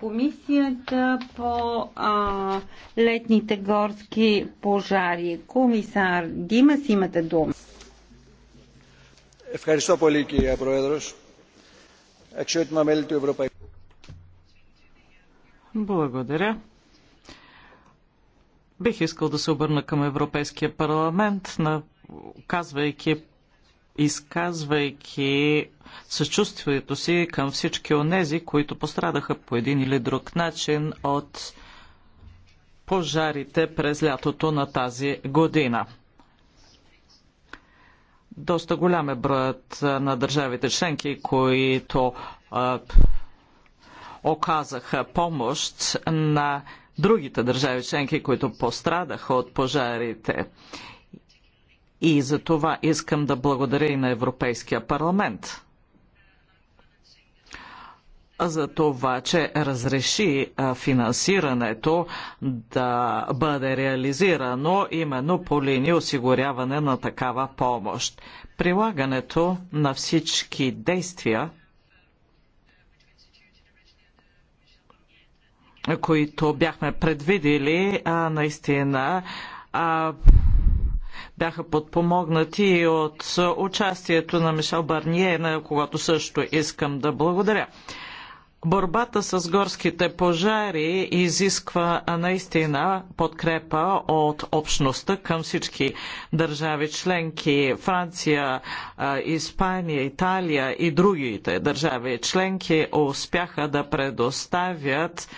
Комисията по а, летните горски пожари. Комисар Димас, имате дума. Ευχαριστώ πολύ, κυρία Πρόεδρος. Αξιότιμα μέλη του Ευρωπαϊκού. Благодаря. Бих искал да се обърна към Европейския парламент, на, казвайки изказвайки съчувствието си към всички онези, които пострадаха по един или друг начин от пожарите през лятото на тази година. Доста голям е броят на държавите членки, които а, оказаха помощ на другите държави членки, които пострадаха от пожарите. И за това искам да благодаря и на Европейския парламент за това, че разреши финансирането да бъде реализирано именно по линия осигуряване на такава помощ. Прилагането на всички действия, които бяхме предвидили, наистина бяха подпомогнати от участието на Мишел Барние, на когато също искам да благодаря. Борбата с горските пожари изисква наистина подкрепа от общността към всички държави членки Франция, Испания, Италия и другите държави членки успяха да предоставят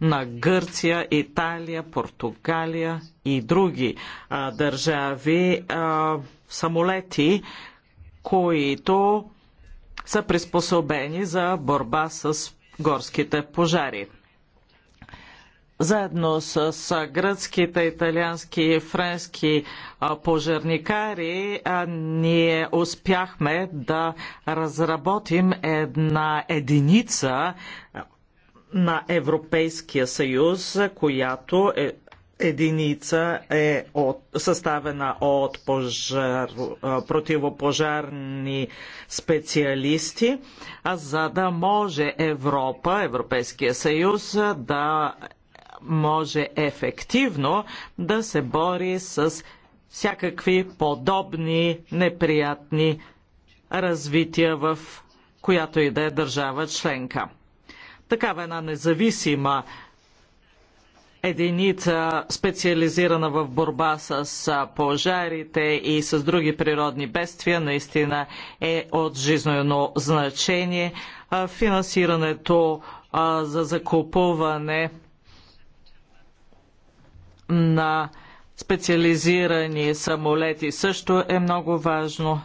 на Гърция, Италия, Португалия и други а, държави а, самолети, които са приспособени за борба с горските пожари. Заедно с гръцките, италиански и френски пожарникари ние успяхме да разработим една единица на Европейския съюз, която е единица е от, съставена от пожар, противопожарни специалисти, а за да може Европа, Европейския съюз да може ефективно да се бори с всякакви подобни неприятни развития в която и да е държава членка такава една независима единица, специализирана в борба с пожарите и с други природни бедствия, наистина е от жизнено значение. Финансирането за закупуване на специализирани самолети също е много важно.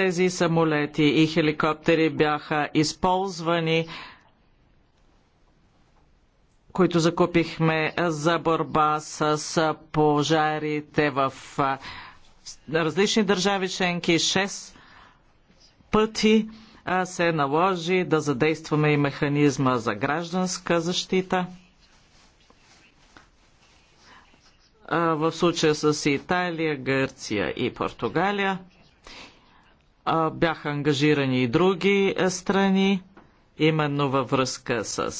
тези самолети и хеликоптери бяха използвани, които закупихме за борба с пожарите в различни държави членки. Шест пъти се наложи да задействаме и механизма за гражданска защита. В случая с Италия, Гърция и Португалия бяха ангажирани и други е, страни, именно във връзка с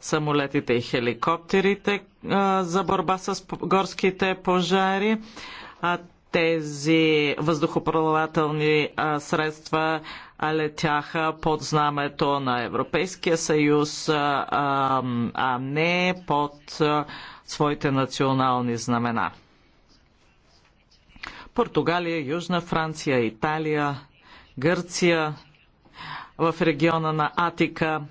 самолетите и хеликоптерите за борба с горските пожари. А тези въздухоплавателни средства летяха под знамето на Европейския съюз, а не под своите национални знамена. Португалия, Южна Франция, Италия, Гърция, в региона на Атика.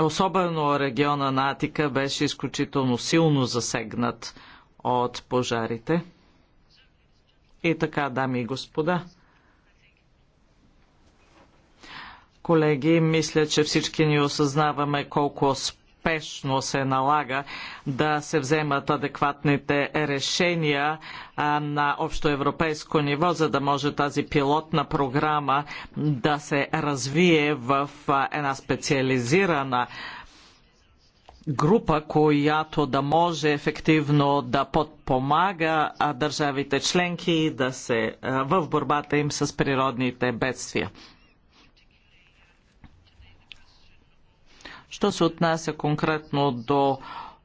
Особено региона на Атика беше изключително силно засегнат от пожарите. И така, дами и господа, колеги, мисля, че всички ни осъзнаваме колко спорно спешно се налага да се вземат адекватните решения на общоевропейско ниво, за да може тази пилотна програма да се развие в една специализирана група, която да може ефективно да подпомага държавите членки да се, в борбата им с природните бедствия. Що се отнася конкретно до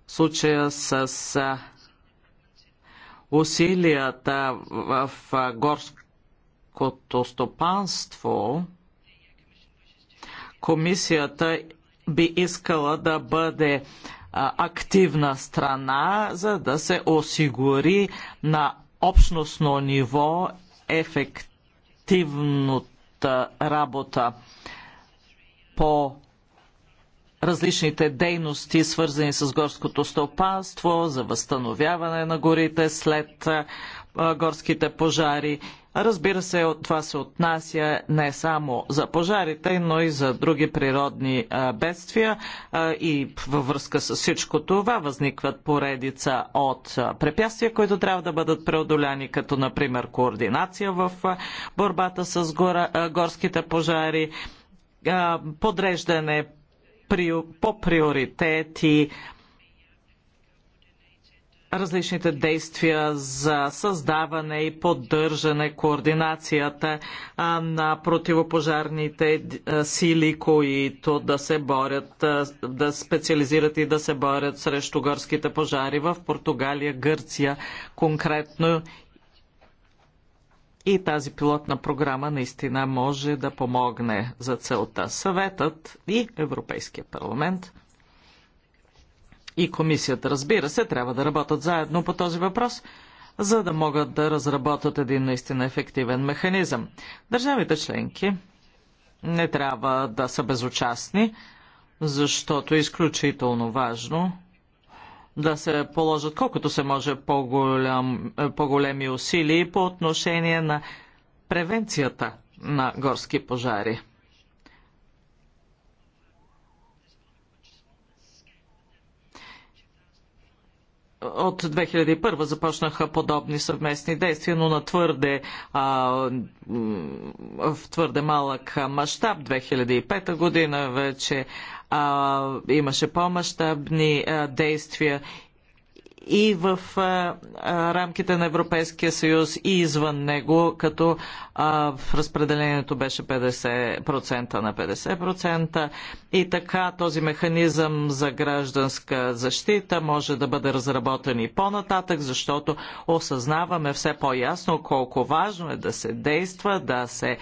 случая с усилията в горското стопанство, комисията би искала да бъде активна страна, за да се осигури на общностно ниво ефективната работа по различните дейности, свързани с горското стопанство, за възстановяване на горите след горските пожари. Разбира се, от това се отнася не само за пожарите, но и за други природни бедствия и във връзка с всичко това възникват поредица от препятствия, които трябва да бъдат преодоляни, като например координация в борбата с горските пожари, подреждане, по приоритети различните действия за създаване и поддържане координацията на противопожарните сили, които да се борят, да специализират и да се борят срещу горските пожари в Португалия, Гърция конкретно и тази пилотна програма наистина може да помогне за целта. Съветът и Европейския парламент и комисията, разбира се, трябва да работят заедно по този въпрос, за да могат да разработят един наистина ефективен механизъм. Държавите членки не трябва да са безучастни, защото е изключително важно да се положат колкото се може по-голям, е, по-големи усилия по отношение на превенцията на горски пожари. От 2001 започнаха подобни съвместни действия, но на твърде, а, в твърде малък мащаб. 2005 година вече а, имаше по-масштабни действия и в а, рамките на Европейския съюз и извън него, като а, в разпределението беше 50% на 50% и така този механизъм за гражданска защита може да бъде разработен и по-нататък, защото осъзнаваме все по-ясно колко важно е да се действа, да се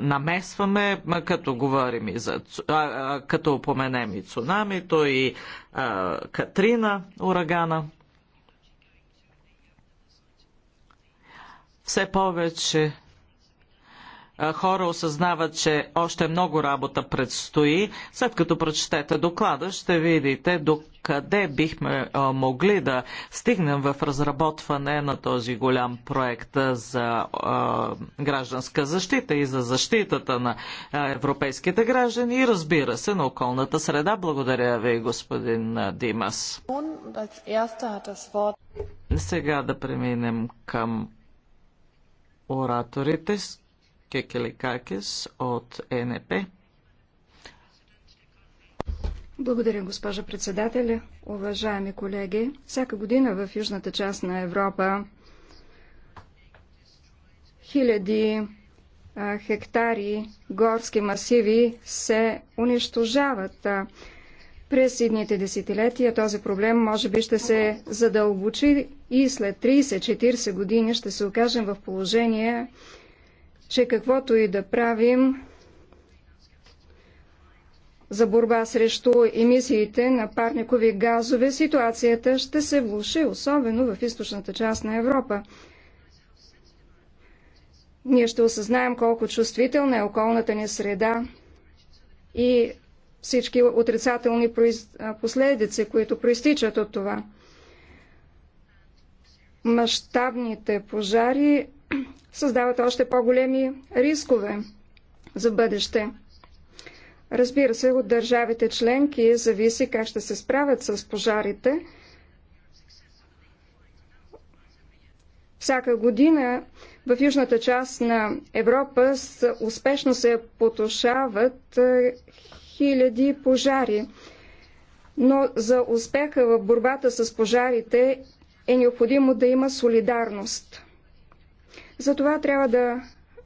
намесваме, като говорим и за, а, като упоменем и цунамито и а, Катрина урагана. Все повече хора осъзнават, че още много работа предстои. След като прочетете доклада, ще видите до къде бихме могли да стигнем в разработване на този голям проект за гражданска защита и за защитата на европейските граждани и разбира се на околната среда. Благодаря ви, господин Димас. Сега да преминем към ораторите Кекеликакис от е НП. Благодаря, госпожа председателя. Уважаеми колеги, всяка година в южната част на Европа хиляди хектари горски масиви се унищожават. През идните десетилетия този проблем може би ще се задълбочи и след 30-40 години ще се окажем в положение, че каквото и да правим за борба срещу емисиите на парникови газове, ситуацията ще се влуши, особено в източната част на Европа. Ние ще осъзнаем колко чувствителна е околната ни среда и всички отрицателни последици, които проистичат от това. Мащабните пожари създават още по-големи рискове за бъдеще. Разбира се, от държавите членки зависи как ще се справят с пожарите. Всяка година в южната част на Европа успешно се потушават Хиляди пожари. Но за успеха в борбата с пожарите е необходимо да има солидарност. Затова трябва да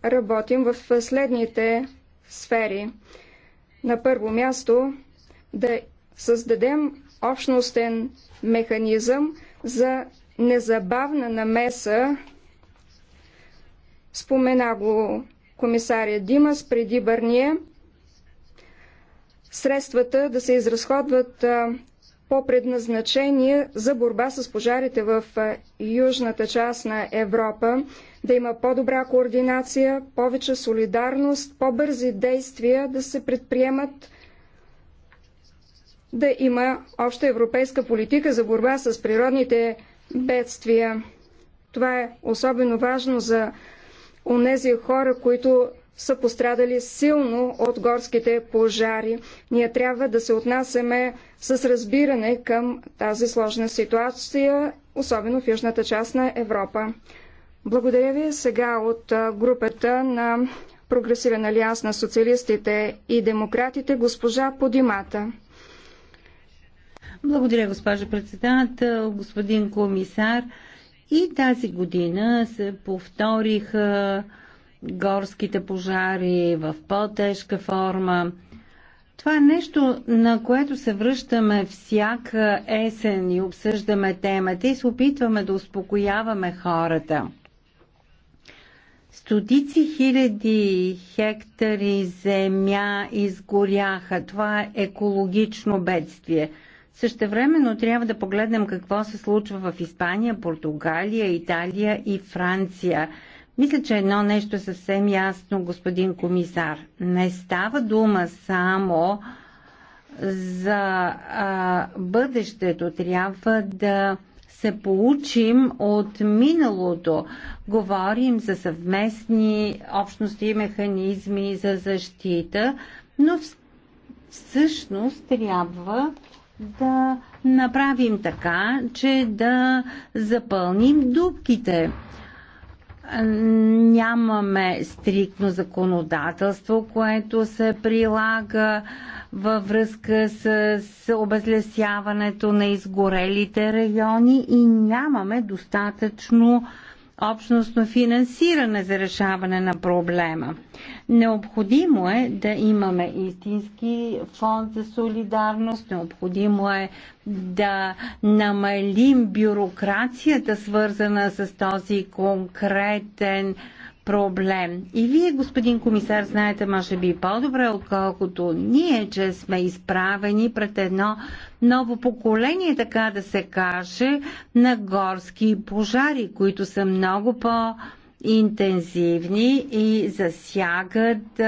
работим в следните сфери. На първо място да създадем общностен механизъм за незабавна намеса. Спомена го комисаря Димас преди Бърния средствата да се изразходват по предназначение за борба с пожарите в южната част на Европа, да има по-добра координация, повече солидарност, по-бързи действия да се предприемат, да има обща европейска политика за борба с природните бедствия. Това е особено важно за онези хора, които са пострадали силно от горските пожари. Ние трябва да се отнасяме с разбиране към тази сложна ситуация, особено в южната част на Европа. Благодаря ви сега от групата на Прогресивен алианс на социалистите и демократите, госпожа Подимата. Благодаря, госпожа председател, господин комисар. И тази година се повториха горските пожари в по-тежка форма. Това е нещо, на което се връщаме всяка есен и обсъждаме темата и се опитваме да успокояваме хората. Стотици хиляди хектари земя изгоряха. Това е екологично бедствие. Същевременно трябва да погледнем какво се случва в Испания, Португалия, Италия и Франция – мисля, че едно нещо е съвсем ясно, господин комисар. Не става дума само за а, бъдещето. Трябва да се получим от миналото. Говорим за съвместни общности и механизми за защита, но всъщност трябва да направим така, че да запълним дубките нямаме стриктно законодателство, което се прилага във връзка с обезлесяването на изгорелите райони и нямаме достатъчно общностно финансиране за решаване на проблема. Необходимо е да имаме истински фонд за солидарност, необходимо е да намалим бюрокрацията, свързана с този конкретен проблем. И вие, господин комисар, знаете, може би по-добре, отколкото ние, че сме изправени пред едно ново поколение, така да се каже, на горски пожари, които са много по- интензивни и засягат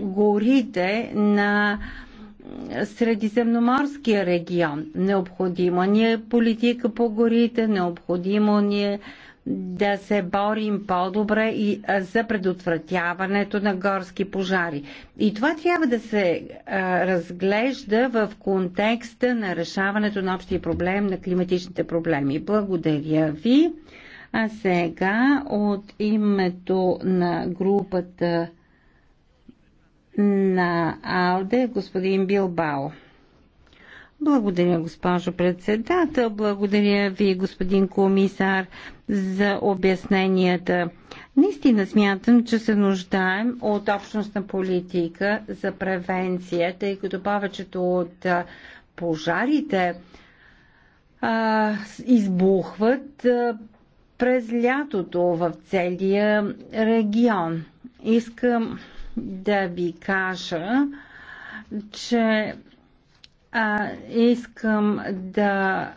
горите на Средиземноморския регион. Необходима ни е политика по горите, необходимо ни е да се борим по-добре и за предотвратяването на горски пожари. И това трябва да се а, разглежда в контекста на решаването на общия проблем на климатичните проблеми. Благодаря ви. А сега от името на групата на АЛДЕ господин Билбао. Благодаря, госпожо председател. Благодаря ви, господин комисар за обясненията. Наистина смятам, че се нуждаем от общностна политика за превенция, тъй като повечето от пожарите а, избухват а, през лятото в целия регион. Искам да ви кажа, че а, искам да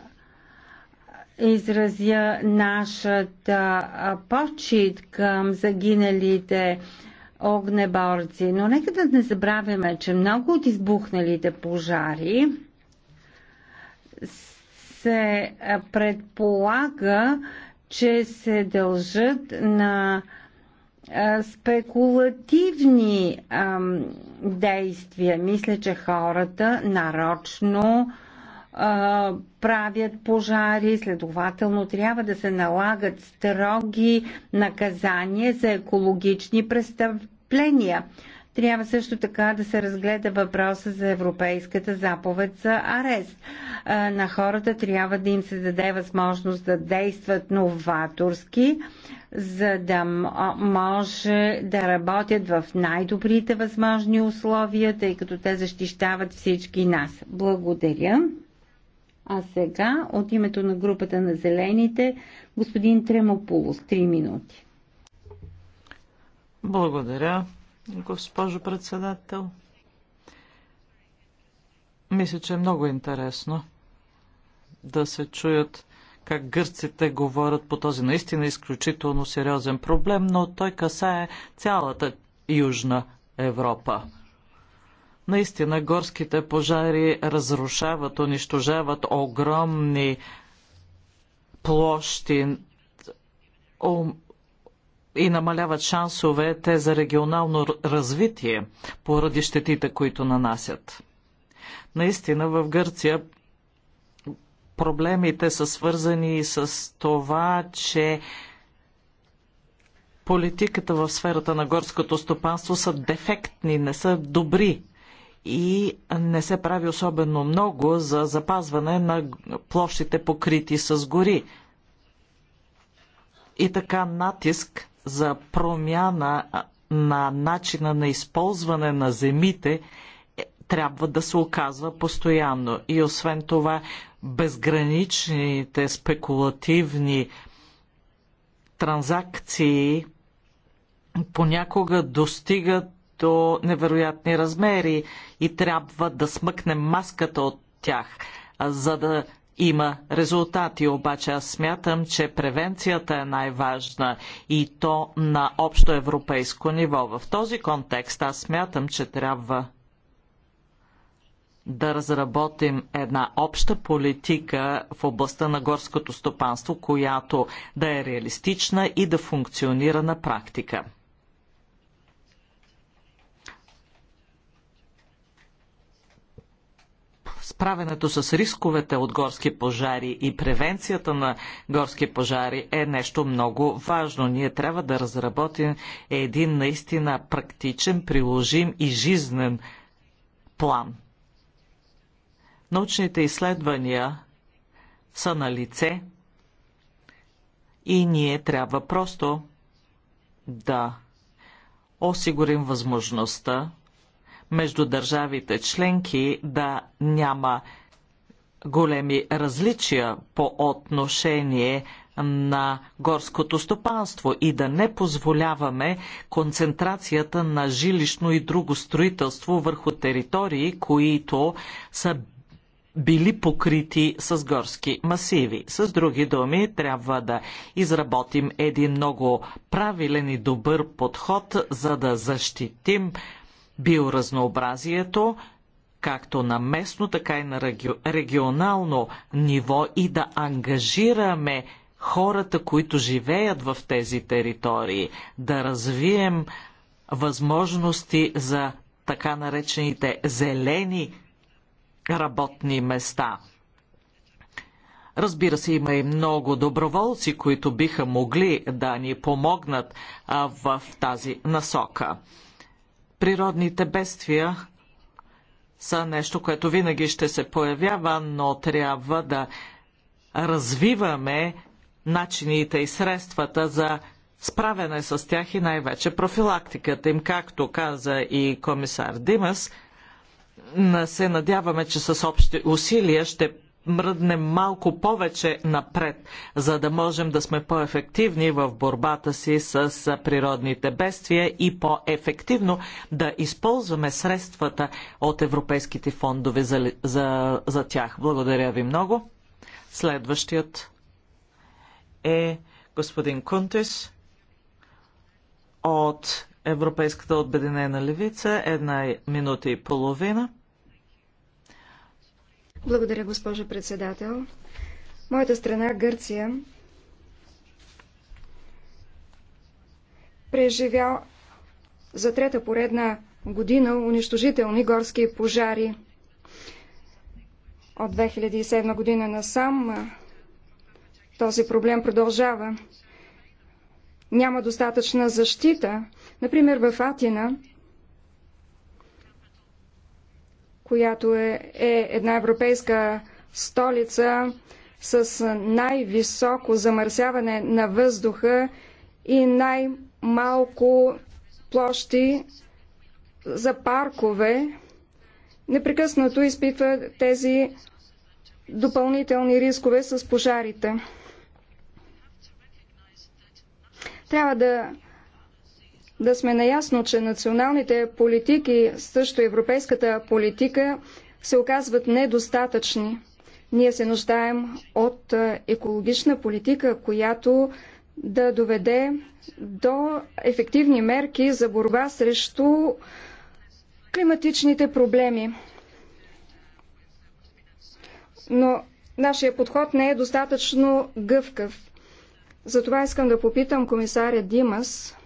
изразя нашата почет към загиналите огнеборци. Но нека да не забравяме, че много от избухналите пожари се предполага, че се дължат на спекулативни действия. Мисля, че хората нарочно а, правят пожари, следователно трябва да се налагат строги наказания за екологични престъпления. Трябва също така да се разгледа въпроса за Европейската заповед за арест. На хората трябва да им се даде възможност да действат новаторски, за да може да работят в най-добрите възможни условия, тъй като те защищават всички нас. Благодаря. А сега от името на групата на зелените господин Тремополос, 3 минути. Благодаря, госпожо председател. Мисля, че е много интересно да се чуят как гърците говорят по този наистина изключително сериозен проблем, но той касае цялата Южна Европа. Наистина горските пожари разрушават, унищожават огромни площи и намаляват шансовете за регионално развитие поради щетите, които нанасят. Наистина в Гърция проблемите са свързани и с това, че политиката в сферата на горското стопанство са дефектни, не са добри и не се прави особено много за запазване на площите покрити с гори. И така натиск за промяна на начина на използване на земите е, трябва да се оказва постоянно. И освен това, безграничните спекулативни транзакции понякога достигат до невероятни размери и трябва да смъкнем маската от тях, за да има резултати, обаче аз смятам, че превенцията е най-важна и то на общо европейско ниво. В този контекст аз смятам, че трябва да разработим една обща политика в областта на горското стопанство, която да е реалистична и да функционира на практика. справенето с рисковете от горски пожари и превенцията на горски пожари е нещо много важно. Ние трябва да разработим един наистина практичен, приложим и жизнен план. Научните изследвания са на лице и ние трябва просто да осигурим възможността между държавите членки да няма големи различия по отношение на горското стопанство и да не позволяваме концентрацията на жилищно и друго строителство върху територии, които са били покрити с горски масиви. С други думи, трябва да изработим един много правилен и добър подход, за да защитим биоразнообразието, както на местно, така и на регионално ниво и да ангажираме хората, които живеят в тези територии, да развием възможности за така наречените зелени работни места. Разбира се, има и много доброволци, които биха могли да ни помогнат в тази насока. Природните бедствия са нещо, което винаги ще се появява, но трябва да развиваме начините и средствата за справяне с тях и най-вече профилактиката им, както каза и комисар Димас. Се надяваме, че с общи усилия ще мръднем малко повече напред, за да можем да сме по-ефективни в борбата си с природните бедствия и по-ефективно да използваме средствата от европейските фондове за, за, за тях. Благодаря ви много. Следващият е господин Кунтис от Европейската обединена левица. Една минута и половина. Благодаря, госпожо председател. Моята страна, Гърция, преживя за трета поредна година унищожителни горски пожари. От 2007 година насам този проблем продължава. Няма достатъчна защита. Например, в Атина която е, е една европейска столица с най-високо замърсяване на въздуха и най-малко площи за паркове, непрекъснато изпитва тези допълнителни рискове с пожарите. Трябва да да сме наясно, че националните политики, също европейската политика, се оказват недостатъчни. Ние се нуждаем от екологична политика, която да доведе до ефективни мерки за борба срещу климатичните проблеми. Но нашия подход не е достатъчно гъвкав. Затова искам да попитам комисаря Димас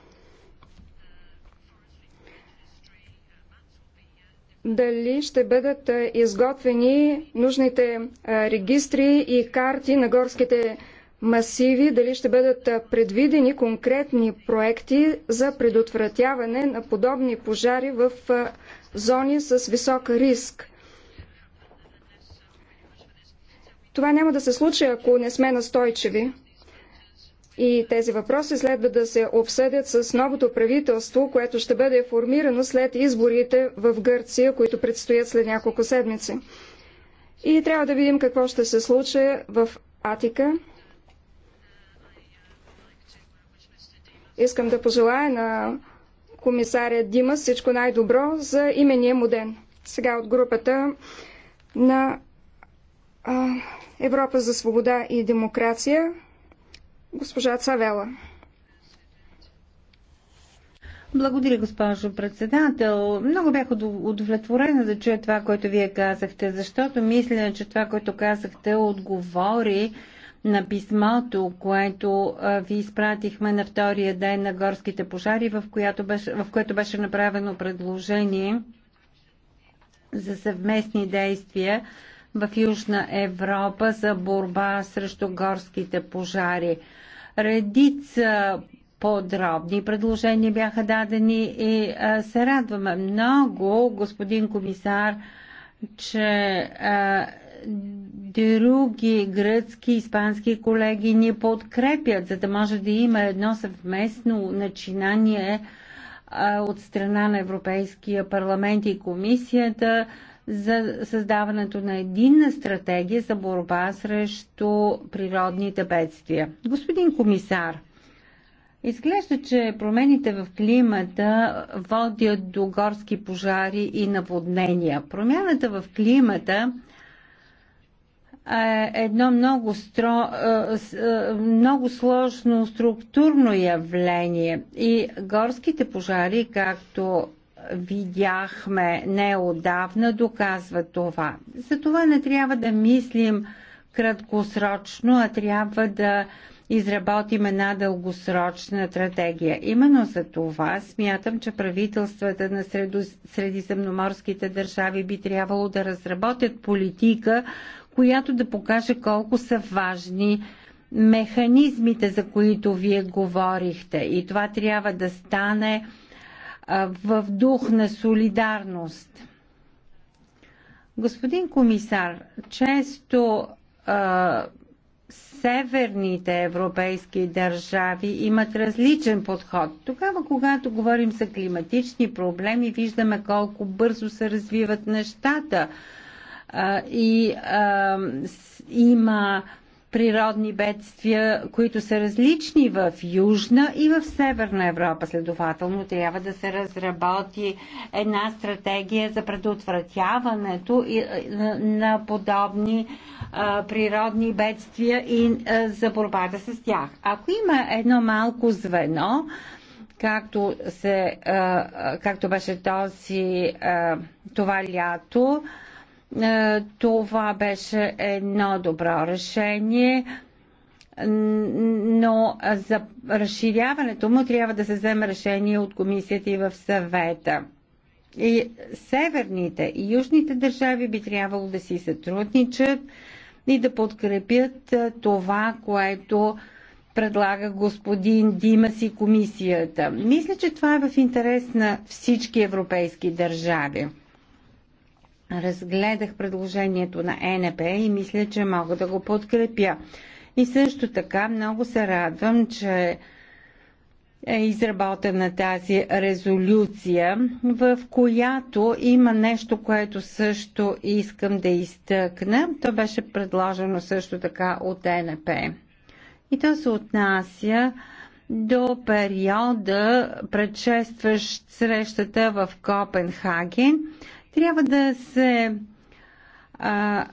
дали ще бъдат изготвени нужните регистри и карти на горските масиви, дали ще бъдат предвидени конкретни проекти за предотвратяване на подобни пожари в зони с висок риск. Това няма да се случи, ако не сме настойчиви. И тези въпроси следва да се обсъдят с новото правителство, което ще бъде формирано след изборите в Гърция, които предстоят след няколко седмици. И трябва да видим какво ще се случи в Атика. Искам да пожелая на комисаря Дима всичко най-добро за имения му ден. Сега от групата на а, Европа за свобода и демокрация Госпожа Цавела. Благодаря, госпожо председател. Много бях удовлетворена да чуя това, което вие казахте, защото мисля, че това, което казахте, отговори на писмото, което ви изпратихме на втория ден на горските пожари, в, която беше, в което беше направено предложение за съвместни действия в Южна Европа за борба срещу горските пожари. Редица подробни предложения бяха дадени и се радваме много, господин комисар, че други гръцки, испански колеги ни подкрепят, за да може да има едно съвместно начинание от страна на Европейския парламент и комисията за създаването на единна стратегия за борба срещу природните бедствия. Господин комисар, Изглежда, че промените в климата водят до горски пожари и наводнения. Промяната в климата е едно много, стро, е, е, много сложно структурно явление и горските пожари, както видяхме неодавна, доказва това. Затова не трябва да мислим краткосрочно, а трябва да изработим една дългосрочна стратегия. Именно за това смятам, че правителствата на средиземноморските държави би трябвало да разработят политика, която да покаже колко са важни механизмите, за които вие говорихте. И това трябва да стане в дух на солидарност. Господин комисар, често а, северните европейски държави имат различен подход. Тогава, когато говорим за климатични проблеми, виждаме колко бързо се развиват нещата. А, и а, с, има природни бедствия, които са различни в Южна и в Северна Европа. Следователно трябва да се разработи една стратегия за предотвратяването е, на подобни е, природни бедствия и е, за борбата с тях. Ако има едно малко звено, както, се, както беше този, това лято, е, това беше едно добро решение но за разширяването му трябва да се вземе решение от комисията и в съвета. И северните и южните държави би трябвало да си сътрудничат и да подкрепят е, това, което предлага господин Димас и комисията. Мисля, че това е в интерес на всички европейски държави разгледах предложението на ЕНП и мисля, че мога да го подкрепя. И също така много се радвам, че е изработена тази резолюция, в която има нещо, което също искам да изтъкна. То беше предложено също така от ЕНП. И то се отнася до периода, предшестващ срещата в Копенхаген, трябва да се а,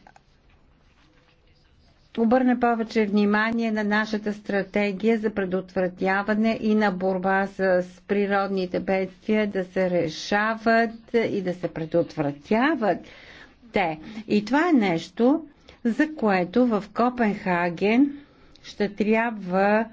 обърне повече внимание на нашата стратегия за предотвратяване и на борба с природните бедствия, да се решават и да се предотвратяват те. И това е нещо, за което в Копенхаген ще трябва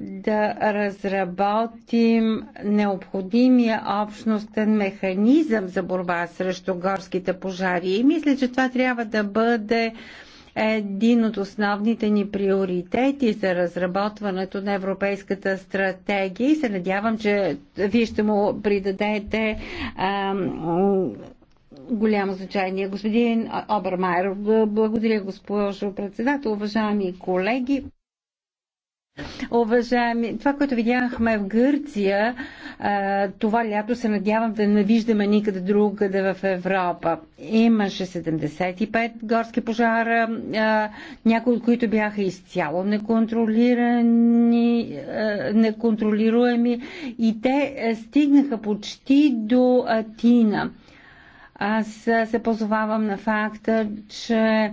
да разработим необходимия общностен механизъм за борба срещу горските пожари. И мисля, че това трябва да бъде един от основните ни приоритети за разработването на Европейската стратегия и се надявам, че вие ще му придадете ам, голямо значение. Господин Обермайер, благодаря госпожо председател, уважаеми колеги. Уважаеми, това, което видяхме в Гърция, това лято се надявам да не виждаме никъде другаде в Европа. Имаше 75 горски пожара, някои от които бяха изцяло неконтролирани, неконтролируеми и те стигнаха почти до Атина. Аз се позовавам на факта, че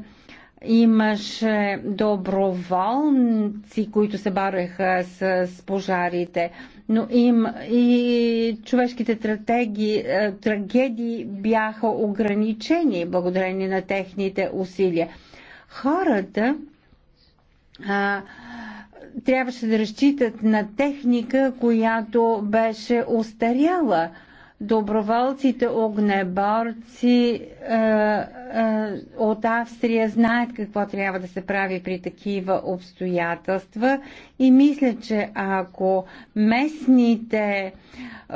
Имаше доброволци, които се бареха с, с пожарите, но им и човешките трагедии, е, трагедии бяха ограничени благодарение на техните усилия. Хората а, трябваше да разчитат на техника, която беше устаряла доброволците огнеборци е, е, от Австрия знаят какво трябва да се прави при такива обстоятелства и мисля, че ако местните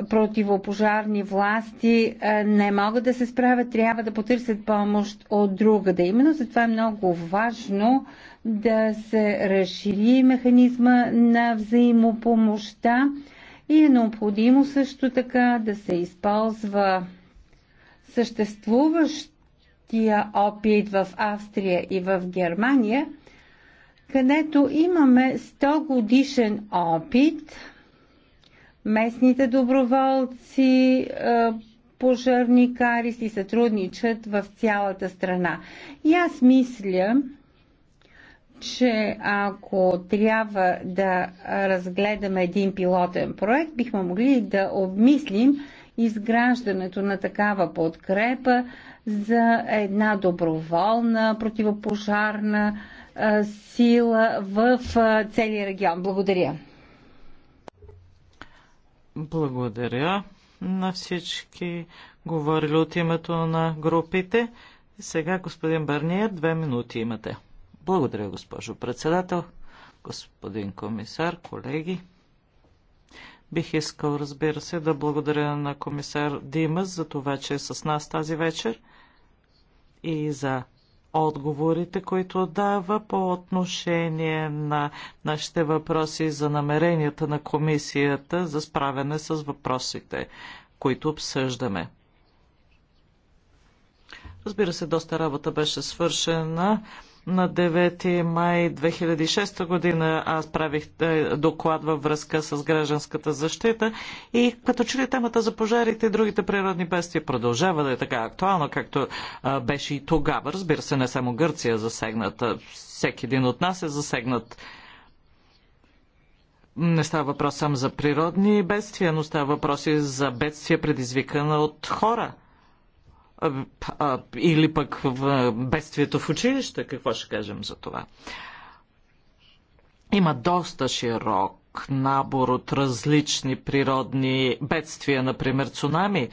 противопожарни власти е, не могат да се справят, трябва да потърсят помощ от другаде. Именно затова е много важно да се разшири механизма на взаимопомощта и е необходимо също така да се използва съществуващия опит в Австрия и в Германия, където имаме 100 годишен опит. Местните доброволци, е, пожарникари си сътрудничат в цялата страна. И аз мисля, че ако трябва да разгледаме един пилотен проект, бихме могли да обмислим изграждането на такава подкрепа за една доброволна противопожарна сила в целия регион. Благодаря. Благодаря на всички говорили от името на групите. Сега господин Барния, две минути имате. Благодаря, госпожо председател, господин комисар, колеги. Бих искал, разбира се, да благодаря на комисар Димас за това, че е с нас тази вечер и за отговорите, които дава по отношение на нашите въпроси за намеренията на комисията за справяне с въпросите, които обсъждаме. Разбира се, доста работа беше свършена на 9 май 2006 година аз правих е, доклад във връзка с гражданската защита и като че ли темата за пожарите и другите природни бедствия продължава да е така актуална, както а, е, беше и тогава. Разбира се, не само Гърция е засегната. Всеки един от нас е засегнат не става въпрос само за природни бедствия, но става въпрос и за бедствия предизвикана от хора – или пък в бедствието в училище, какво ще кажем за това? Има доста широк набор от различни природни бедствия, например цунами.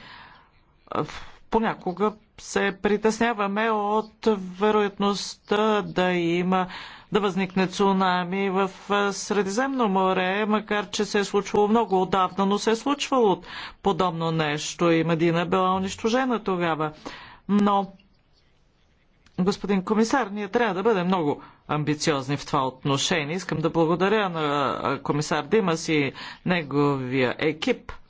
Понякога се притесняваме от вероятността да има да възникне цунами в Средиземно море, макар че се е случвало много отдавна, но се е случвало подобно нещо и Мадина е била унищожена тогава. Но, господин комисар, ние трябва да бъдем много амбициозни в това отношение. Искам да благодаря на комисар Димас и неговия екип –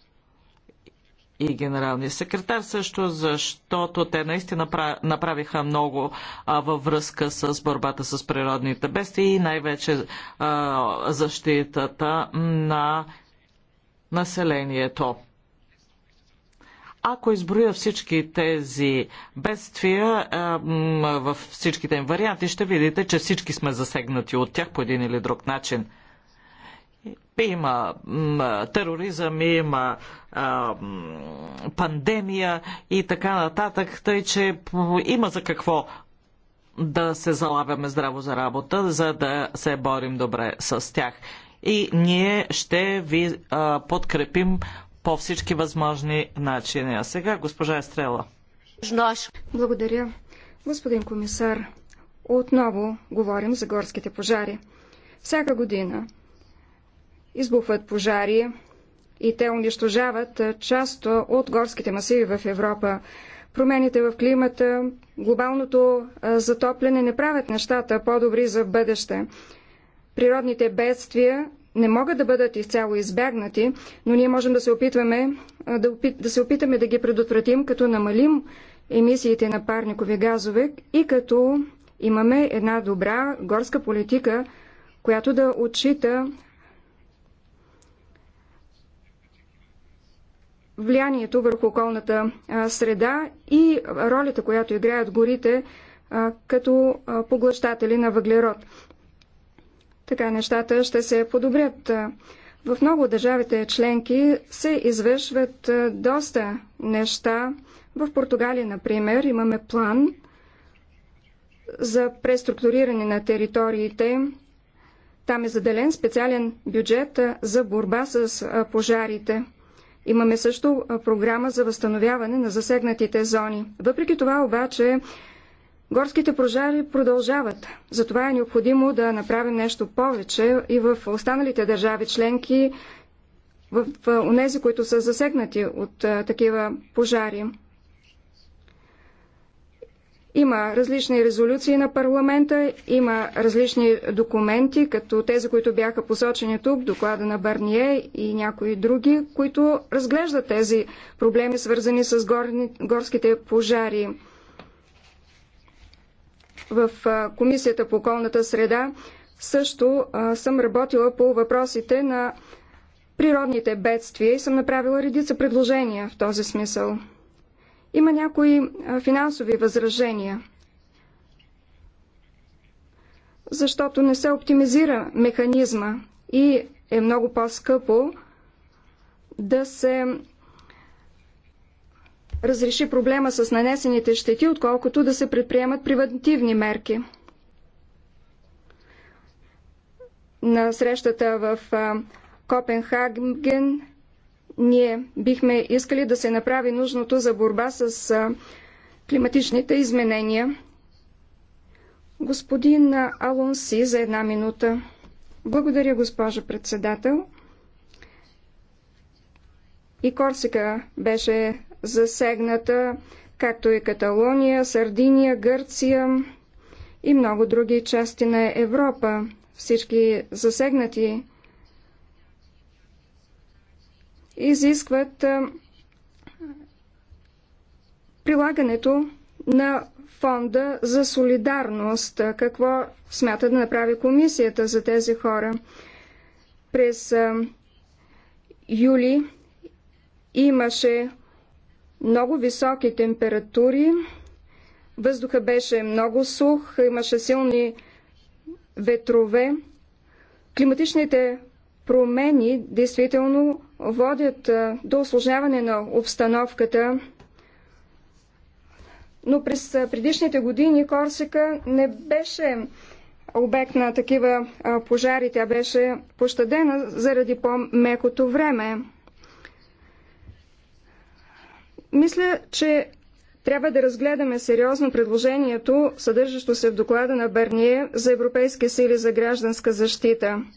и генералния секретар също, защото те наистина направиха много във връзка с борбата с природните бедствия и най-вече защитата на населението. Ако изброя всички тези бедствия във всичките им варианти, ще видите, че всички сме засегнати от тях по един или друг начин – има тероризъм, има пандемия и така нататък, тъй че има за какво да се залавяме здраво за работа, за да се борим добре с тях. И ние ще ви а, подкрепим по всички възможни начини. А сега госпожа Естрела. Благодаря. Господин комисар, отново говорим за горските пожари. Всяка година избухват пожари и те унищожават част от горските масиви в Европа. Промените в климата, глобалното затопляне не правят нещата по-добри за бъдеще. Природните бедствия не могат да бъдат изцяло избягнати, но ние можем да се опитваме да, опит, да се опитаме да ги предотвратим, като намалим емисиите на парникови газове и като имаме една добра горска политика, която да отчита влиянието върху околната среда и ролята, която играят горите като поглъщатели на въглерод. Така нещата ще се подобрят. В много държавите членки се извършват доста неща. В Португалия, например, имаме план за преструктуриране на териториите. Там е заделен специален бюджет за борба с пожарите. Имаме също програма за възстановяване на засегнатите зони. Въпреки това обаче горските пожари продължават. Затова е необходимо да направим нещо повече и в останалите държави членки, в онези, които са засегнати от такива пожари. Има различни резолюции на парламента, има различни документи, като тези, които бяха посочени тук, доклада на Барние и някои други, които разглеждат тези проблеми, свързани с горни, горските пожари. В Комисията по околната среда също а, съм работила по въпросите на природните бедствия и съм направила редица предложения в този смисъл. Има някои финансови възражения, защото не се оптимизира механизма и е много по-скъпо да се разреши проблема с нанесените щети, отколкото да се предприемат превентивни мерки. На срещата в Копенхаген ние бихме искали да се направи нужното за борба с климатичните изменения. Господин Алонси за една минута. Благодаря, госпожо председател. И Корсика беше засегната, както и Каталония, Сардиния, Гърция и много други части на Европа. Всички засегнати изискват прилагането на фонда за солидарност. Какво смята да направи комисията за тези хора? През юли имаше много високи температури, въздуха беше много сух, имаше силни ветрове. Климатичните промени действително водят до осложняване на обстановката. Но през предишните години Корсика не беше обект на такива пожари. Тя беше пощадена заради по-мекото време. Мисля, че трябва да разгледаме сериозно предложението, съдържащо се в доклада на Бърние за Европейски сили за гражданска защита –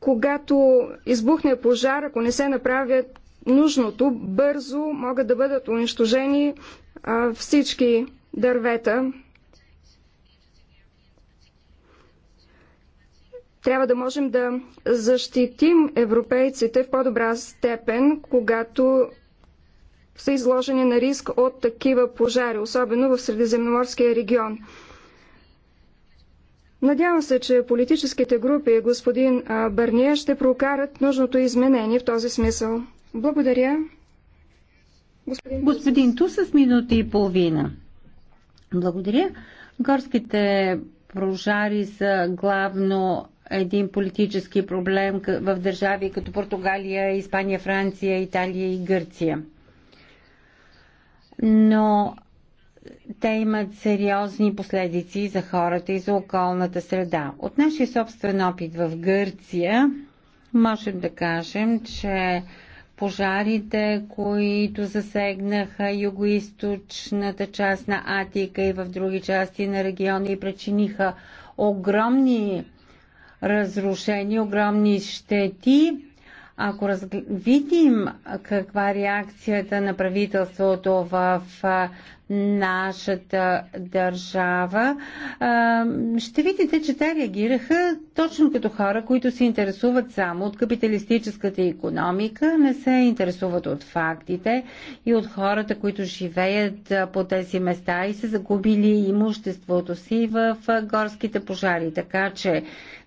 когато избухне пожар, ако не се направят нужното, бързо могат да бъдат унищожени а, всички дървета. Трябва да можем да защитим европейците в по-добра степен, когато са изложени на риск от такива пожари, особено в Средиземноморския регион. Надявам се, че политическите групи, господин Бърния, ще прокарат нужното изменение в този смисъл. Благодаря. Господин, господин Ту с минути и половина. Благодаря. Горските прожари са главно един политически проблем в държави като Португалия, Испания, Франция, Италия и Гърция. Но те имат сериозни последици за хората и за околната среда. От нашия собствен опит в Гърция можем да кажем, че пожарите, които засегнаха югоисточната част на Атика и в други части на региона и причиниха огромни разрушения, огромни щети, ако разгл... видим каква е реакцията на правителството в нашата държава, ще видите, че те реагираха точно като хора, които се интересуват само от капиталистическата економика, не се интересуват от фактите и от хората, които живеят по тези места и са загубили имуществото си в горските пожари. Така че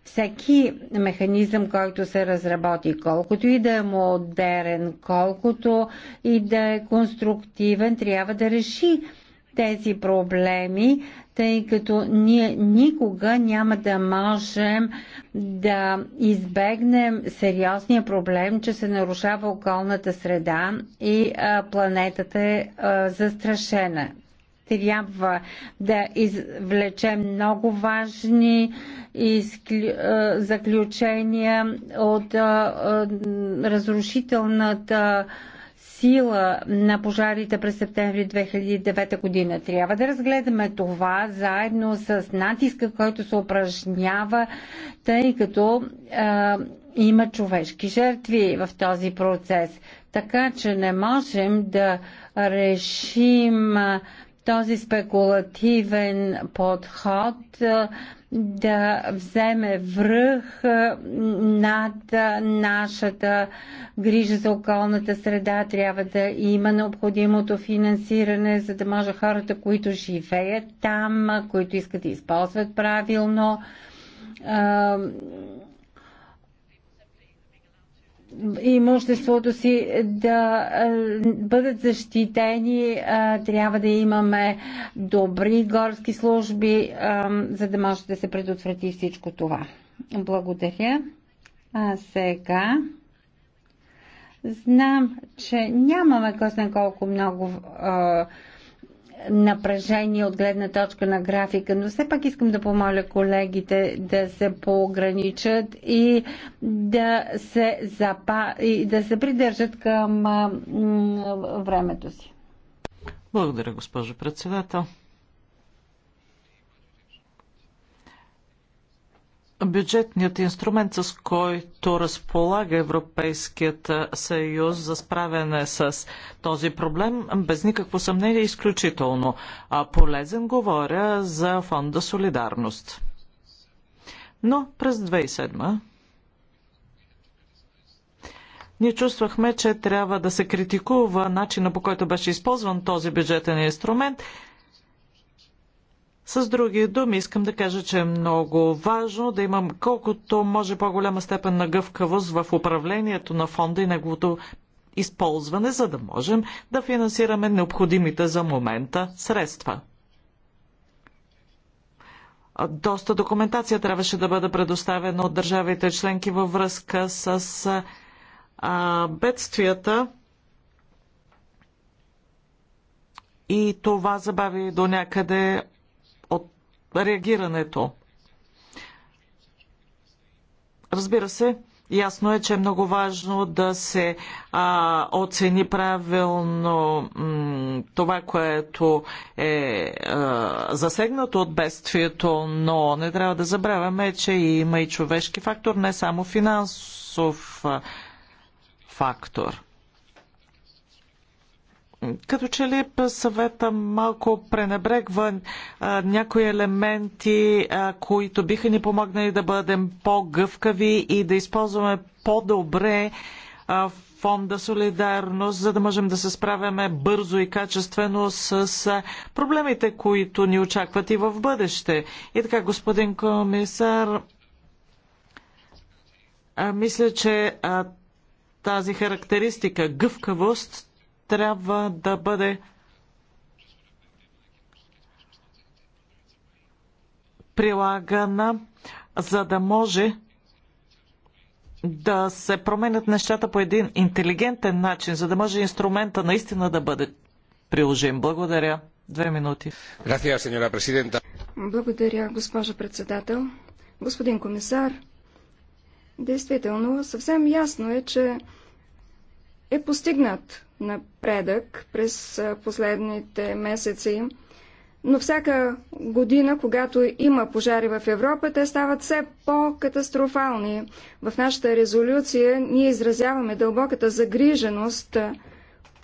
всеки механизъм, който се разработи, колкото и да е модерен, колкото и да е конструктивен, трябва да реши тези проблеми, тъй като ние никога няма да можем да избегнем сериозния проблем, че се нарушава околната среда и планетата е застрашена трябва да извлечем много важни заключения от разрушителната сила на пожарите през септември 2009 година. Трябва да разгледаме това заедно с натиска, който се упражнява, тъй като е, има човешки жертви в този процес. Така че не можем да решим. Е, този спекулативен подход да вземе връх над нашата грижа за околната среда. Трябва да има необходимото финансиране, за да може хората, които живеят там, които искат да използват правилно имуществото си да е, бъдат защитени, е, трябва да имаме добри горски служби, е, за да може да се предотврати всичко това. Благодаря. А сега знам, че нямаме късна колко много напрежение от гледна точка на графика, но все пак искам да помоля колегите да се поограничат и да се, запа... и да се придържат към времето си. Благодаря, госпожо председател. бюджетният инструмент, с който разполага Европейският съюз за справяне с този проблем, без никакво съмнение е изключително полезен. Говоря за фонда Солидарност. Но през 2007 ние чувствахме, че трябва да се критикува начина по който беше използван този бюджетен инструмент – с други думи, искам да кажа, че е много важно да имам колкото може по-голяма степен на гъвкавост в управлението на фонда и неговото използване, за да можем да финансираме необходимите за момента средства. Доста документация трябваше да бъде предоставена от държавите членки във връзка с а, бедствията и това забави до някъде реагирането. Разбира се, ясно е, че е много важно да се а, оцени правилно това, което е а, засегнато от бедствието, но не трябва да забравяме, че има и човешки фактор, не само финансов а, фактор като че ли съвета малко пренебрегва а, някои елементи, а, които биха ни помогнали да бъдем по-гъвкави и да използваме по-добре фонда Солидарност, за да можем да се справяме бързо и качествено с проблемите, които ни очакват и в бъдеще. И така, господин комисар, а, мисля, че тази характеристика гъвкавост трябва да бъде прилагана, за да може да се променят нещата по един интелигентен начин, за да може инструмента наистина да бъде приложим. Благодаря. Две минути. Благодаря, госпожо председател. Господин комисар, действително съвсем ясно е, че е постигнат напредък през последните месеци, но всяка година, когато има пожари в Европа, те стават все по-катастрофални. В нашата резолюция ние изразяваме дълбоката загриженост,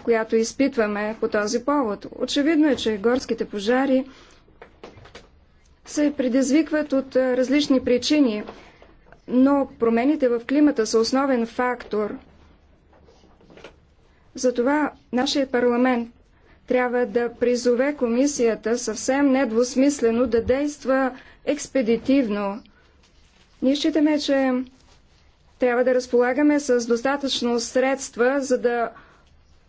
която изпитваме по този повод. Очевидно е, че горските пожари се предизвикват от различни причини, но промените в климата са основен фактор – затова нашия парламент трябва да призове комисията съвсем недвусмислено да действа експедитивно. Ние считаме, че трябва да разполагаме с достатъчно средства, за да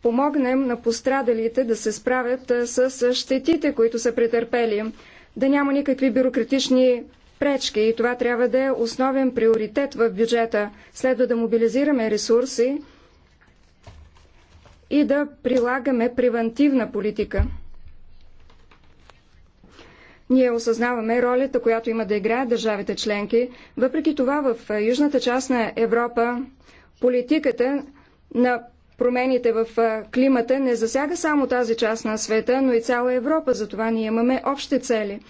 помогнем на пострадалите да се справят с щетите, които са претърпели, да няма никакви бюрократични пречки и това трябва да е основен приоритет в бюджета. Следва да мобилизираме ресурси, и да прилагаме превентивна политика. Ние осъзнаваме ролята, която има да играят държавите членки. Въпреки това в южната част на Европа политиката на промените в климата не засяга само тази част на света, но и цяла Европа. Затова ние имаме общи цели.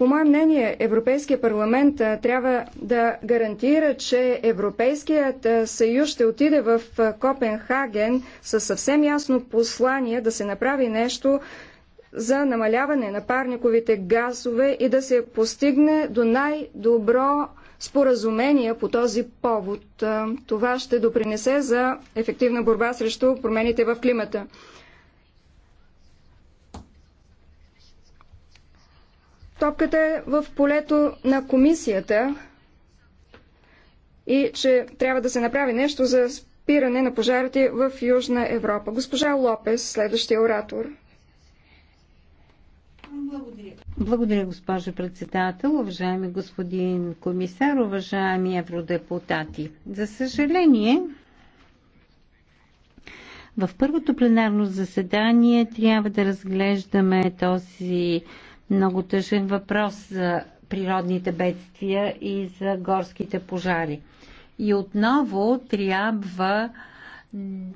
По мое мнение, Европейския парламент трябва да гарантира, че Европейският съюз ще отиде в Копенхаген със съвсем ясно послание да се направи нещо за намаляване на парниковите газове и да се постигне до най-добро споразумение по този повод. Това ще допринесе за ефективна борба срещу промените в климата. топката е в полето на комисията и че трябва да се направи нещо за спиране на пожарите в Южна Европа. Госпожа Лопес, следващия оратор. Благодаря. Благодаря, госпожо председател, уважаеми господин комисар, уважаеми евродепутати. За съжаление, в първото пленарно заседание трябва да разглеждаме този много тъжен въпрос за природните бедствия и за горските пожари. И отново трябва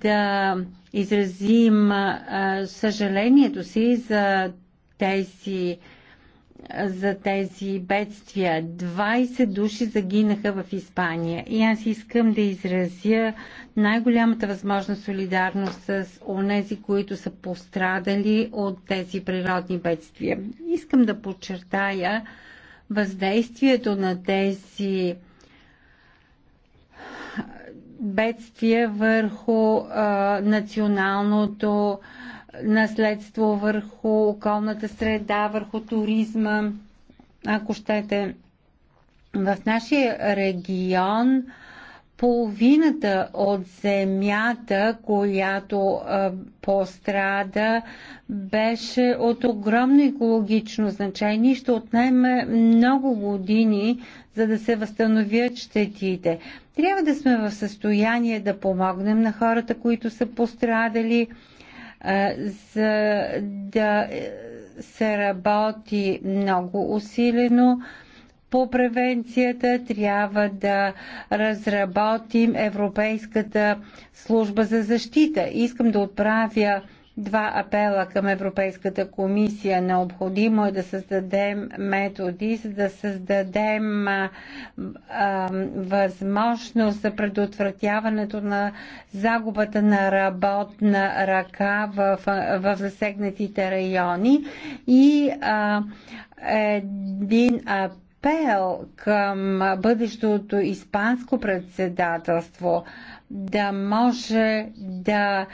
да изразим съжалението си за тези за тези бедствия. 20 души загинаха в Испания. И аз искам да изразя най-голямата възможна солидарност с онези, които са пострадали от тези природни бедствия. Искам да подчертая въздействието на тези бедствия върху а, националното а, наследство върху околната среда, върху туризма, ако щете. В нашия регион половината от земята, която а, пострада, беше от огромно екологично значение и ще отнеме много години, за да се възстановят щетите. Трябва да сме в състояние да помогнем на хората, които са пострадали за да е, се работи много усилено по превенцията трябва да разработим Европейската служба за защита. Искам да отправя два апела към Европейската комисия. Необходимо е да създадем методи, за да създадем а, а, възможност за предотвратяването на загубата на работна ръка в, в засегнатите райони и а, един апел апел към бъдещото испанско председателство да може да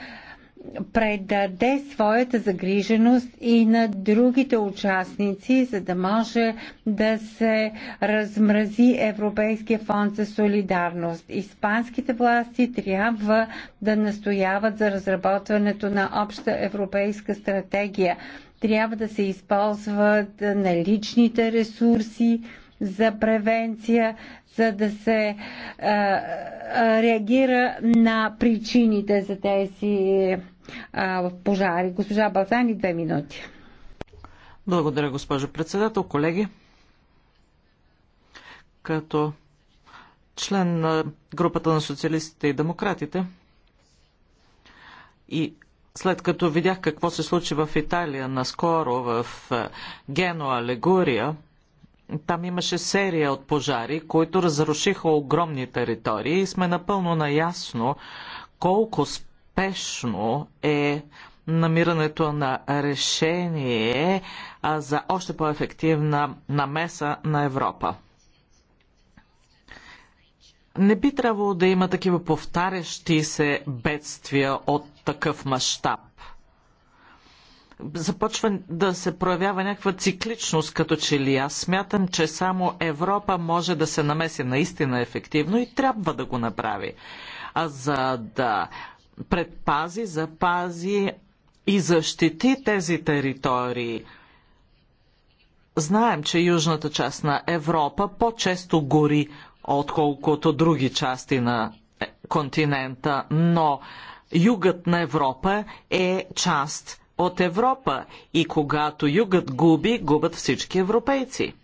предаде своята загриженост и на другите участници, за да може да се размрази Европейския фонд за солидарност. Испанските власти трябва да настояват за разработването на обща европейска стратегия. Трябва да се използват наличните ресурси за превенция, за да се а, а, реагира на причините за тези а, пожари. Госпожа Балзани, две минути. Благодаря, госпожо председател. Колеги, като член на групата на социалистите и демократите и след като видях какво се случи в Италия наскоро в Генуа, Легория, там имаше серия от пожари, които разрушиха огромни територии и сме напълно наясно колко спешно е намирането на решение за още по-ефективна намеса на Европа. Не би трябвало да има такива повтарящи се бедствия от такъв мащаб започва да се проявява някаква цикличност, като че ли аз смятам, че само Европа може да се намеси наистина ефективно и трябва да го направи. А за да предпази, запази и защити тези територии. Знаем, че южната част на Европа по-често гори, отколкото други части на континента, но югът на Европа е част от Европа и когато югът губи, губят всички европейци.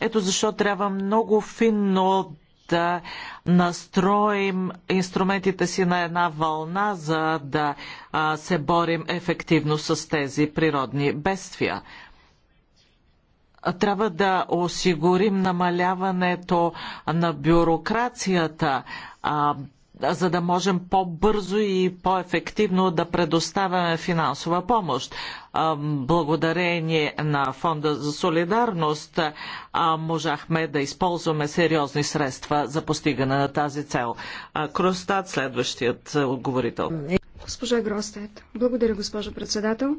Ето защо трябва много финно да настроим инструментите си на една вълна, за да а, се борим ефективно с тези природни бедствия. Трябва да осигурим намаляването на бюрокрацията, а, за да можем по-бързо и по-ефективно да предоставяме финансова помощ. Благодарение на Фонда за солидарност можахме да използваме сериозни средства за постигане на тази цел. Кростат, следващият отговорител. Госпожа Гростет, благодаря, госпожо председател.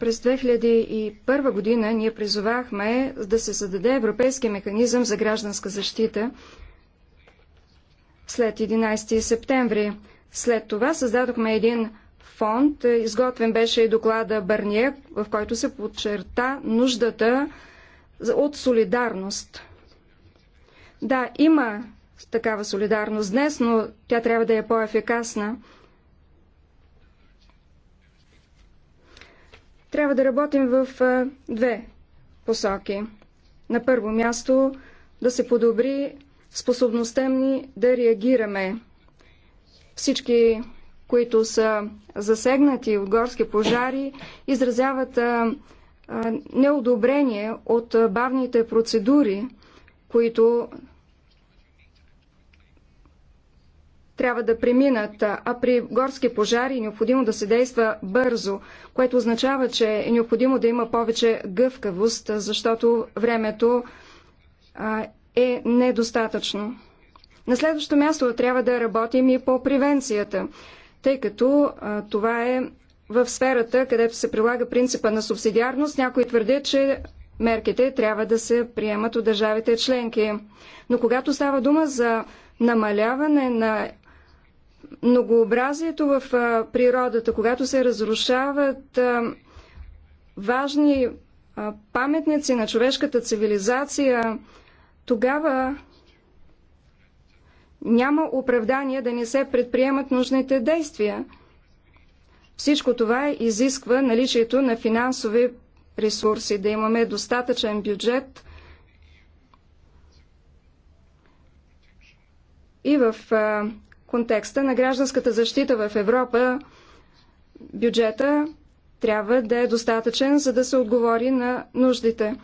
През 2001 година ние призовахме да се създаде европейски механизъм за гражданска защита – след 11 септември. След това създадохме един фонд. Изготвен беше и доклада Бърние, в който се подчерта нуждата от солидарност. Да, има такава солидарност днес, но тя трябва да е по-ефикасна. Трябва да работим в две посоки. На първо място да се подобри способността ни да реагираме. Всички, които са засегнати от горски пожари, изразяват неодобрение от бавните процедури, които трябва да преминат, а при горски пожари е необходимо да се действа бързо, което означава, че е необходимо да има повече гъвкавост, защото времето е недостатъчно. На следващо място трябва да работим и по превенцията, тъй като а, това е в сферата, където се прилага принципа на субсидиарност. Някои твърдят, че мерките трябва да се приемат от държавите членки. Но когато става дума за намаляване на многообразието в а, природата, когато се разрушават а, важни паметници на човешката цивилизация, тогава няма оправдание да не се предприемат нужните действия. Всичко това изисква наличието на финансови ресурси, да имаме достатъчен бюджет и в контекста на гражданската защита в Европа бюджета трябва да е достатъчен, за да се отговори на нуждите.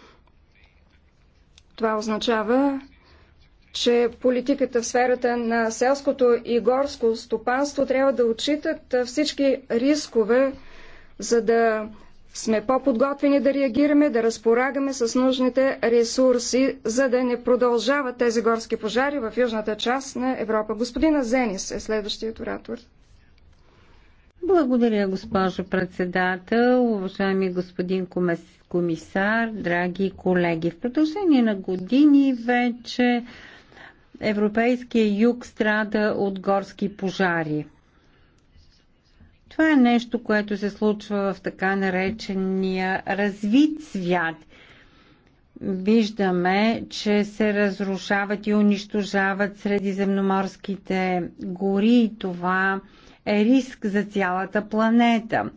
Това означава, че политиката в сферата на селското и горско стопанство трябва да отчитат всички рискове, за да сме по-подготвени да реагираме, да разполагаме с нужните ресурси, за да не продължават тези горски пожари в южната част на Европа. Господина Зенис е следващият оратор. Благодаря, госпожо председател, уважаеми господин комес комисар, драги колеги, в продължение на години вече Европейския юг страда от горски пожари. Това е нещо, което се случва в така наречения развит свят. Виждаме, че се разрушават и унищожават средиземноморските гори и това е риск за цялата планета.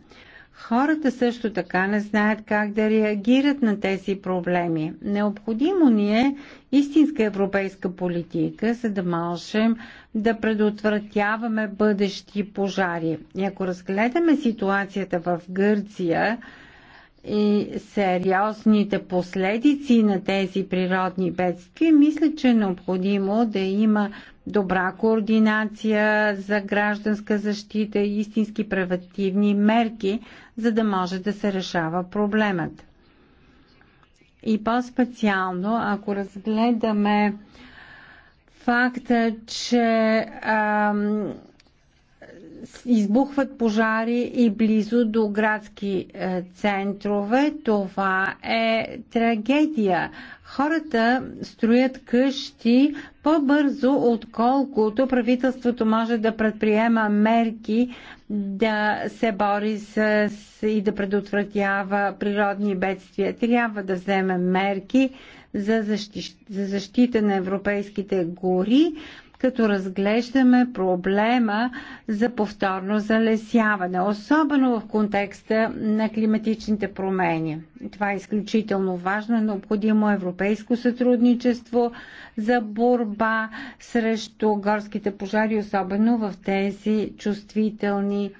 Хората също така не знаят как да реагират на тези проблеми. Необходимо ни е истинска европейска политика, за да можем да предотвратяваме бъдещи пожари. И ако разгледаме ситуацията в Гърция, и сериозните последици на тези природни бедствия, мисля, че е необходимо да има добра координация за гражданска защита и истински превентивни мерки, за да може да се решава проблемът. И по-специално, ако разгледаме факта, че ам, избухват пожари и близо до градски е, центрове. Това е трагедия. Хората строят къщи по-бързо, отколкото правителството може да предприема мерки да се бори с и да предотвратява природни бедствия. Трябва да вземем мерки за защита на европейските гори като разглеждаме проблема за повторно залесяване, особено в контекста на климатичните промени. Това е изключително важно. Е необходимо европейско сътрудничество за борба срещу горските пожари, особено в тези чувствителни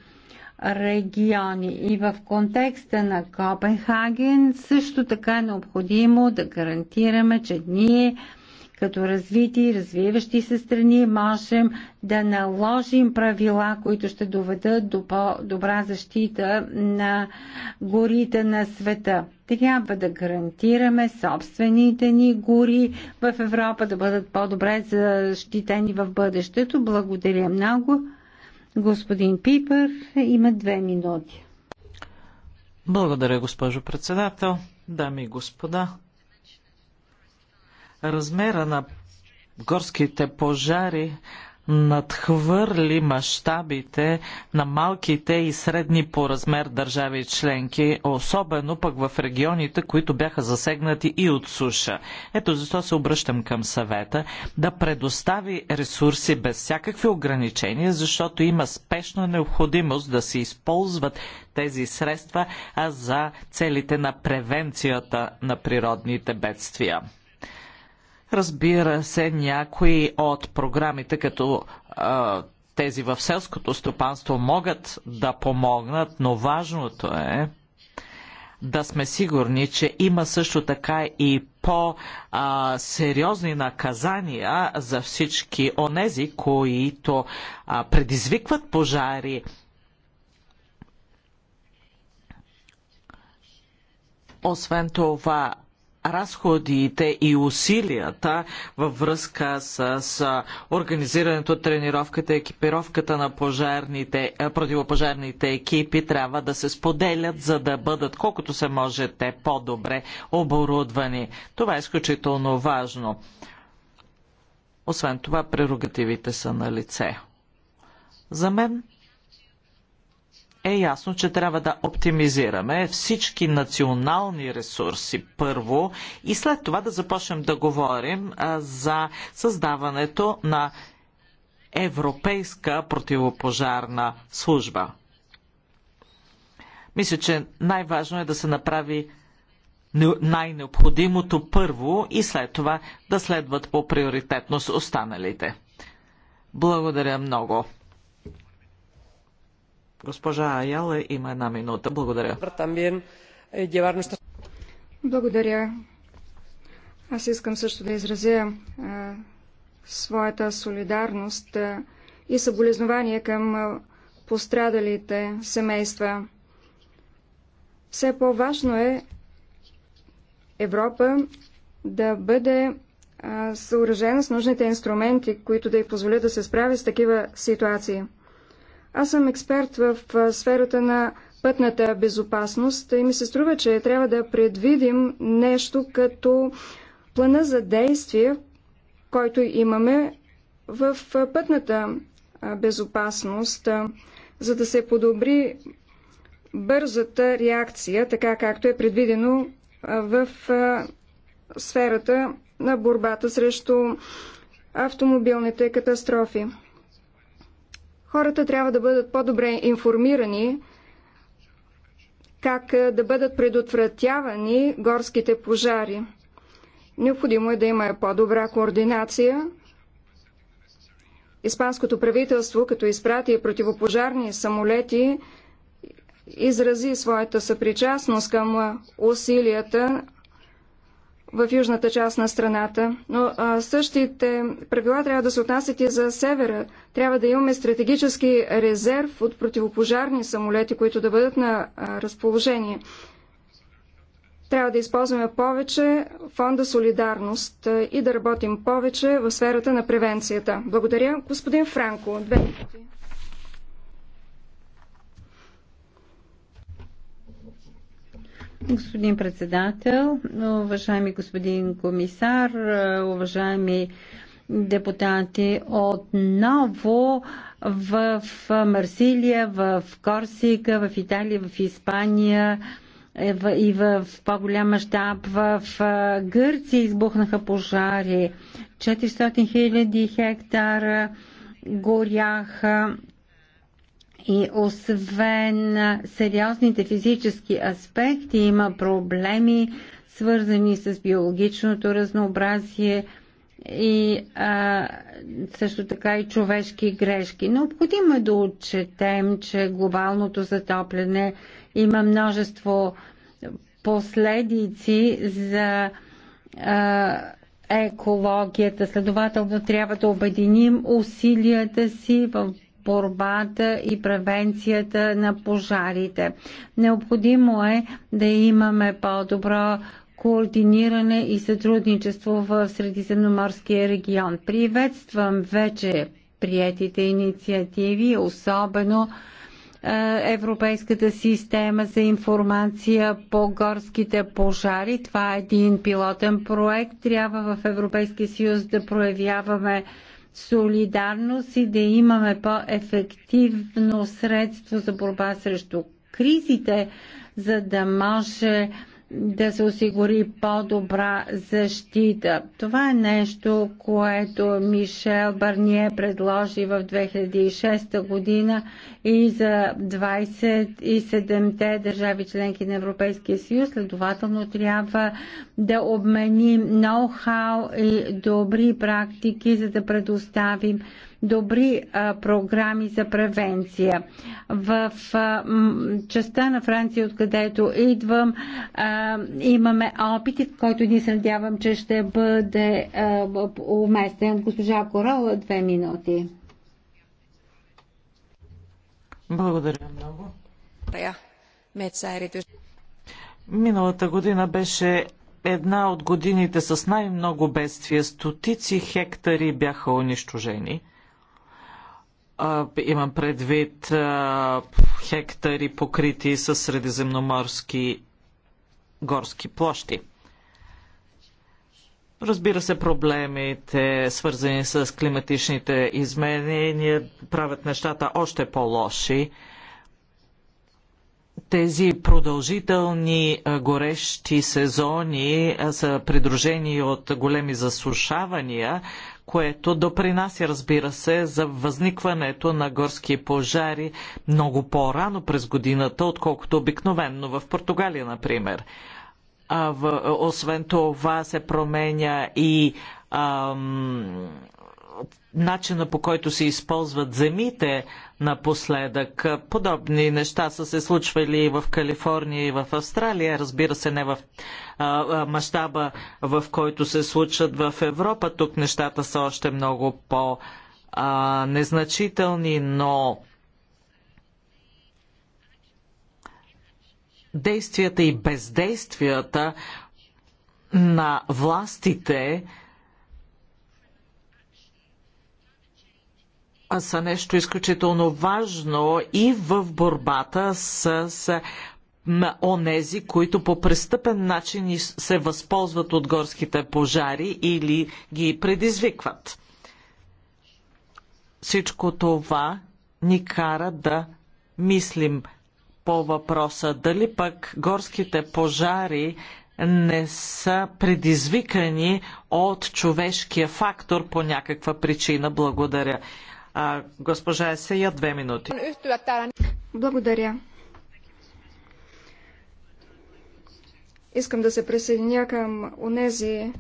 региони. И в контекста на Копенхаген също така е необходимо да гарантираме, че ние като развити и развиващи се страни можем да наложим правила, които ще доведат до по-добра защита на горите на света. Трябва да гарантираме собствените ни гори в Европа да бъдат по-добре защитени в бъдещето. Благодаря много. Господин Пипър има две минути. Благодаря, госпожо председател. Дами и господа, размера на горските пожари надхвърли мащабите на малките и средни по размер държави членки, особено пък в регионите, които бяха засегнати и от суша. Ето защо се обръщам към съвета да предостави ресурси без всякакви ограничения, защото има спешна необходимост да се използват тези средства за целите на превенцията на природните бедствия. Разбира се, някои от програмите, като а, тези в селското стопанство, могат да помогнат, но важното е да сме сигурни, че има също така и по-сериозни наказания за всички онези, които а, предизвикват пожари. Освен това, разходите и усилията във връзка с организирането, тренировката, екипировката на пожарните, е, противопожарните екипи трябва да се споделят, за да бъдат колкото се може те по-добре оборудвани. Това е изключително важно. Освен това, прерогативите са на лице. За мен е ясно, че трябва да оптимизираме всички национални ресурси първо и след това да започнем да говорим за създаването на Европейска противопожарна служба. Мисля, че най-важно е да се направи най-необходимото първо и след това да следват по приоритетност останалите. Благодаря много. Госпожа Аяла, има една минута. Благодаря. Eh, Благодаря. Аз искам също да изразя а, своята солидарност а, и съболезнование към а, пострадалите семейства. Все по-важно е Европа да бъде съоръжена с нужните инструменти, които да й позволят да се справи с такива ситуации. Аз съм експерт в сферата на пътната безопасност и ми се струва, че трябва да предвидим нещо като плана за действие, който имаме в пътната безопасност, за да се подобри бързата реакция, така както е предвидено в сферата на борбата срещу автомобилните катастрофи. Хората трябва да бъдат по-добре информирани как е, да бъдат предотвратявани горските пожари. Необходимо е да има по-добра координация. Испанското правителство, като изпрати противопожарни самолети, изрази своята съпричастност към е, усилията в южната част на страната, но а, същите правила трябва да се отнасят и за севера. Трябва да имаме стратегически резерв от противопожарни самолети, които да бъдат на а, разположение. Трябва да използваме повече фонда Солидарност и да работим повече в сферата на превенцията. Благодаря. Господин Франко, две минути. Господин председател, уважаеми господин комисар, уважаеми депутати отново в Марсилия, в Корсика, в Италия, в Испания е и в по-голям мащаб в Гърция избухнаха пожари. 400 000 хектара горяха и освен сериозните физически аспекти, има проблеми, свързани с биологичното разнообразие и а, също така и човешки грешки. Необходимо е да отчетем, че глобалното затопляне има множество последици за а, екологията. Следователно трябва да обединим усилията си в борбата и превенцията на пожарите. Необходимо е да имаме по-добро координиране и сътрудничество в Средиземноморския регион. Приветствам вече приетите инициативи, особено е, Европейската система за информация по горските пожари. Това е един пилотен проект. Трябва в Европейския съюз да проявяваме солидарност и да имаме по-ефективно средство за борба срещу кризите, за да може да се осигури по-добра защита. Това е нещо, което Мишел Барние предложи в 2006 година и за 27-те държави членки на Европейския съюз. Следователно трябва да обменим ноу-хау и добри практики, за да предоставим добри а, програми за превенция. В а, м, частта на Франция, откъдето идвам, а, имаме опит, който ни се надявам, че ще бъде а, уместен. Госпожа Корола, две минути. Благодаря много. Миналата година беше една от годините с най-много бедствия. Стотици хектари бяха унищожени имам предвид хектари покрити с средиземноморски горски площи. Разбира се, проблемите, свързани с климатичните изменения, правят нещата още по-лоши. Тези продължителни горещи сезони са придружени от големи засушавания, което допринася, разбира се, за възникването на горски пожари много по-рано през годината, отколкото обикновенно в Португалия, например. А, в, освен това се променя и ам, начина по който се използват земите напоследък. Подобни неща са се случвали и в Калифорния, и в Австралия, разбира се, не в мащаба, в който се случват в Европа. Тук нещата са още много по-незначителни, но действията и бездействията на властите са нещо изключително важно и в борбата с онези, които по престъпен начин се възползват от горските пожари или ги предизвикват. Всичко това ни кара да мислим по въпроса дали пък горските пожари не са предизвикани от човешкия фактор по някаква причина. Благодаря. А, госпожа Есея, две минути. Благодаря. Искам да се присъединя към онези,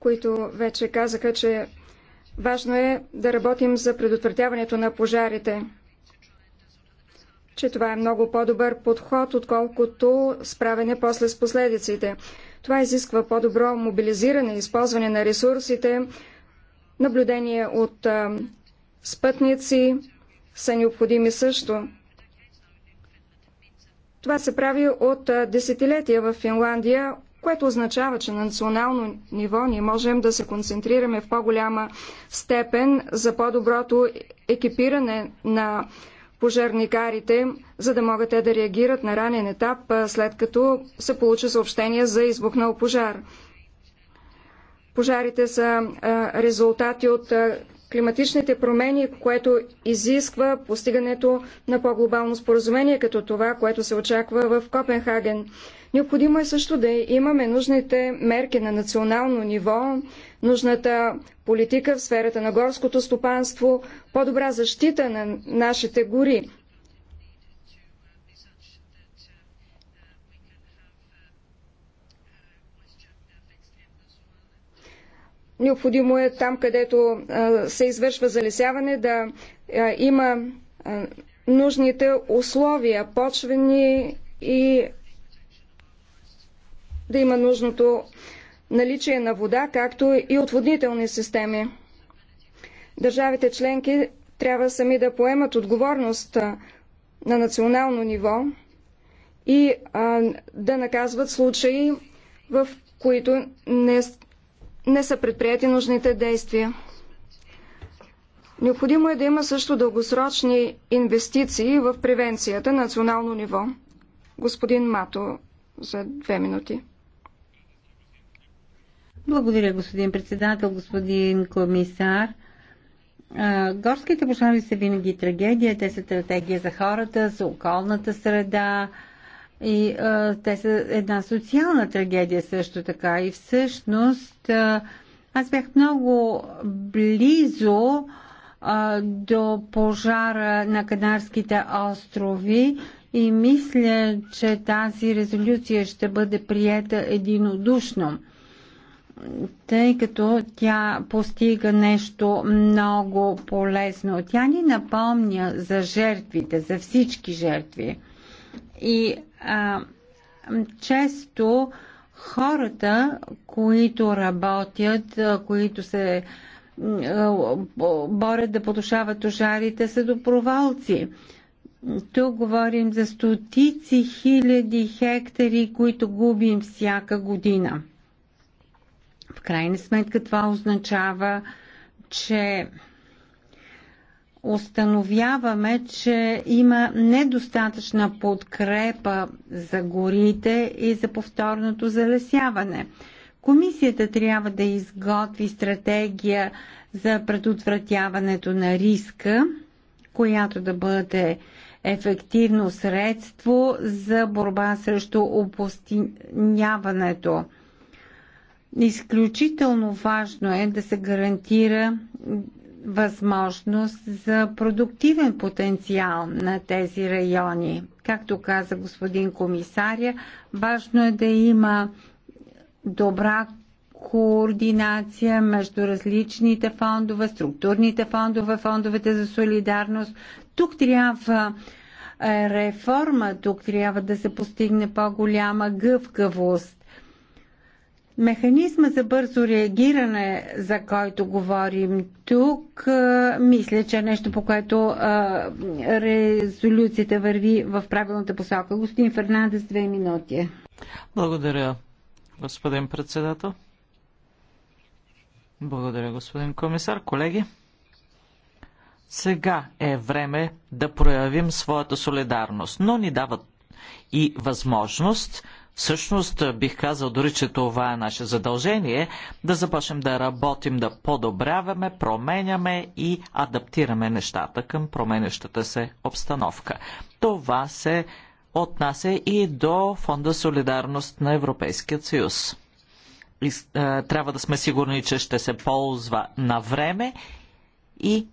които вече казаха, че важно е да работим за предотвратяването на пожарите че това е много по-добър подход, отколкото справяне после с последиците. Това изисква по-добро мобилизиране, използване на ресурсите, наблюдение от а, спътници са необходими също. Това се прави от десетилетия в Финландия, което означава, че на национално ниво ние можем да се концентрираме в по-голяма степен за по-доброто екипиране на пожарникарите, за да могат те да реагират на ранен етап, след като се получи съобщение за избухнал пожар. Пожарите са резултати от климатичните промени, което изисква постигането на по-глобално споразумение, като това, което се очаква в Копенхаген. Необходимо е също да имаме нужните мерки на национално ниво, нужната политика в сферата на горското стопанство, по-добра защита на нашите гори. Необходимо е там, където се извършва залесяване, да има нужните условия, почвени и да има нужното наличие на вода, както и отводнителни системи. Държавите членки трябва сами да поемат отговорност на национално ниво и а, да наказват случаи, в които не не са предприяти нужните действия. Необходимо е да има също дългосрочни инвестиции в превенцията на национално ниво. Господин Мато, за две минути. Благодаря, господин председател, господин комисар. Горските пожари са винаги трагедия. Те са стратегия за хората, за околната среда, и а, те са една социална трагедия също така. И всъщност а, аз бях много близо а, до пожара на Канарските острови и мисля, че тази резолюция ще бъде приета единодушно, тъй като тя постига нещо много полезно. Тя ни напомня за жертвите, за всички жертви. И а, често хората, които работят, които се борят да потушават ожарите, са допровалци. Тук говорим за стотици хиляди хектари, които губим всяка година. В крайна сметка това означава, че установяваме, че има недостатъчна подкрепа за горите и за повторното залесяване. Комисията трябва да изготви стратегия за предотвратяването на риска, която да бъде ефективно средство за борба срещу опустиняването. Изключително важно е да се гарантира възможност за продуктивен потенциал на тези райони. Както каза господин комисаря, важно е да има добра координация между различните фондове, структурните фондове, фондовете за солидарност. Тук трябва е, реформа, тук трябва да се постигне по-голяма гъвкавост Механизма за бързо реагиране, за който говорим тук, мисля, че е нещо, по което резолюцията върви в правилната посока. Господин Фернандес, две минути. Благодаря, господин председател. Благодаря, господин комисар. Колеги, сега е време да проявим своята солидарност, но ни дават и възможност Всъщност бих казал дори, че това е наше задължение да започнем да работим, да подобряваме, променяме и адаптираме нещата към променещата се обстановка. Това се отнася и до Фонда Солидарност на Европейския съюз. И, е, трябва да сме сигурни, че ще се ползва на време и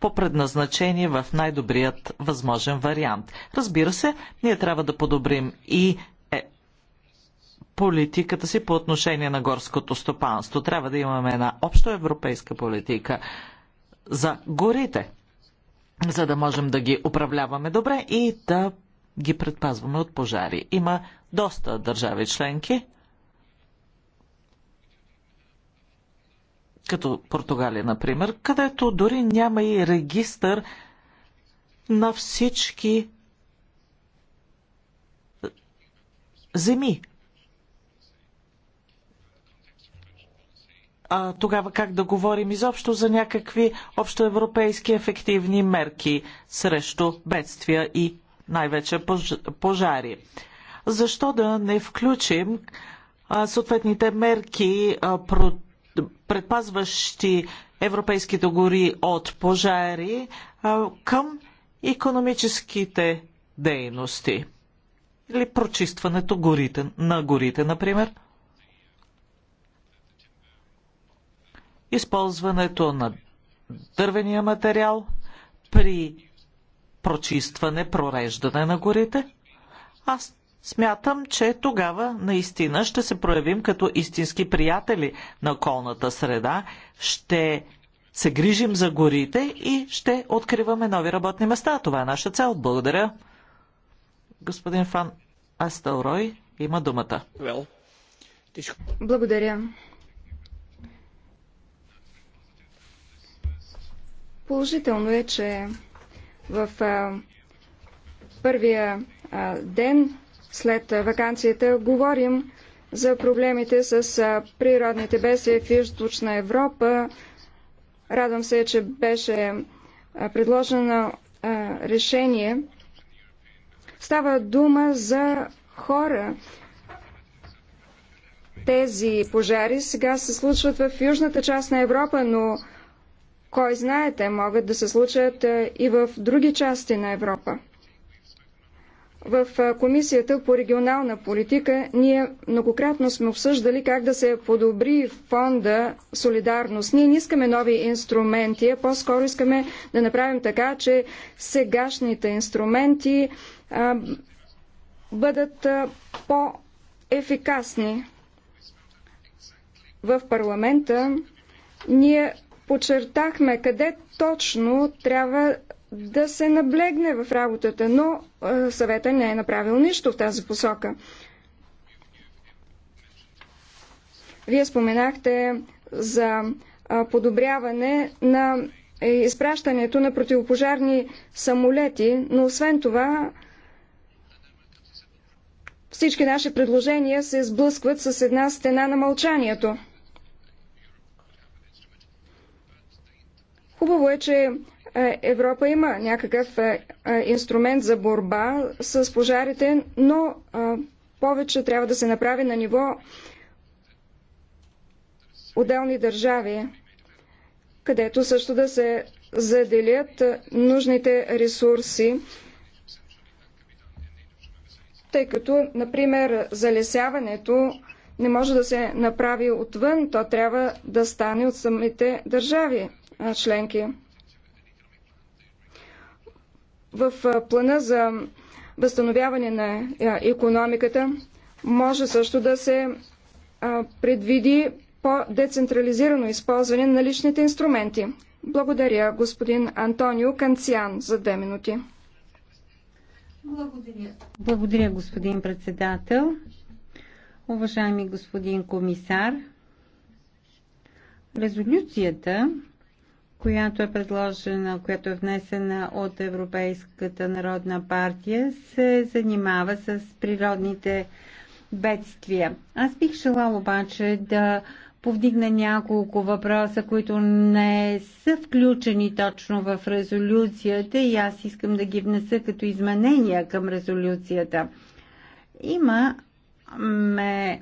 по предназначение в най-добрият възможен вариант. Разбира се, ние трябва да подобрим и политиката си по отношение на горското стопанство. Трябва да имаме една обща европейска политика за горите, за да можем да ги управляваме добре и да ги предпазваме от пожари. Има доста държави членки, като Португалия, например, където дори няма и регистър на всички земи, а, тогава как да говорим изобщо за някакви общоевропейски ефективни мерки срещу бедствия и най-вече пожари? Защо да не включим а, съответните мерки а, про, предпазващи европейските гори от пожари а, към економическите дейности? Или прочистването горите, на горите, например? използването на дървения материал при прочистване, прореждане на горите. Аз смятам, че тогава наистина ще се проявим като истински приятели на околната среда, ще се грижим за горите и ще откриваме нови работни места. Това е наша цел. Благодаря. Господин Фан Астелрой има думата. Благодаря. Положително е, че в първия ден след вакансията говорим за проблемите с природните бедствия в Източна Европа. Радвам се, че беше предложено решение. Става дума за хора. Тези пожари сега се случват в южната част на Европа, но кой знае, те могат да се случат е, и в други части на Европа. В е, Комисията по регионална политика ние многократно сме обсъждали как да се подобри фонда солидарност. Ние не искаме нови инструменти, а по-скоро искаме да направим така, че сегашните инструменти а, е, бъдат по-ефикасни. В парламента ние подчертахме къде точно трябва да се наблегне в работата, но съвета не е направил нищо в тази посока. Вие споменахте за подобряване на е, изпращането на противопожарни самолети, но освен това всички наши предложения се сблъскват с една стена на мълчанието. Хубаво е, че е, Европа има някакъв е, е, инструмент за борба с пожарите, но повече трябва да се направи на ниво отделни държави, където също да се заделят нужните ресурси, тъй като, например, залесяването не може да се направи отвън, то трябва да стане от самите държави членки. В плана за възстановяване на економиката може също да се предвиди по-децентрализирано използване на личните инструменти. Благодаря, господин Антонио Канциан, за две минути. Благодаря. Благодаря, господин председател. Уважаеми господин комисар, резолюцията която е предложена, която е внесена от Европейската народна партия, се занимава с природните бедствия. Аз бих желал обаче да повдигна няколко въпроса, които не са включени точно в резолюцията и аз искам да ги внеса като изменения към резолюцията. Има ме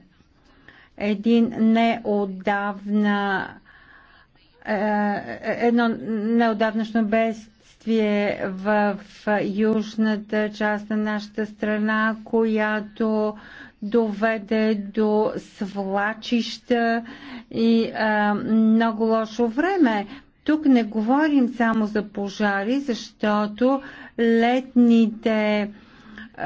един неодавна е, едно неодавнашно бедствие в южната част на нашата страна, която доведе до свлачища и а, е, много лошо време. Тук не говорим само за пожари, защото летните а,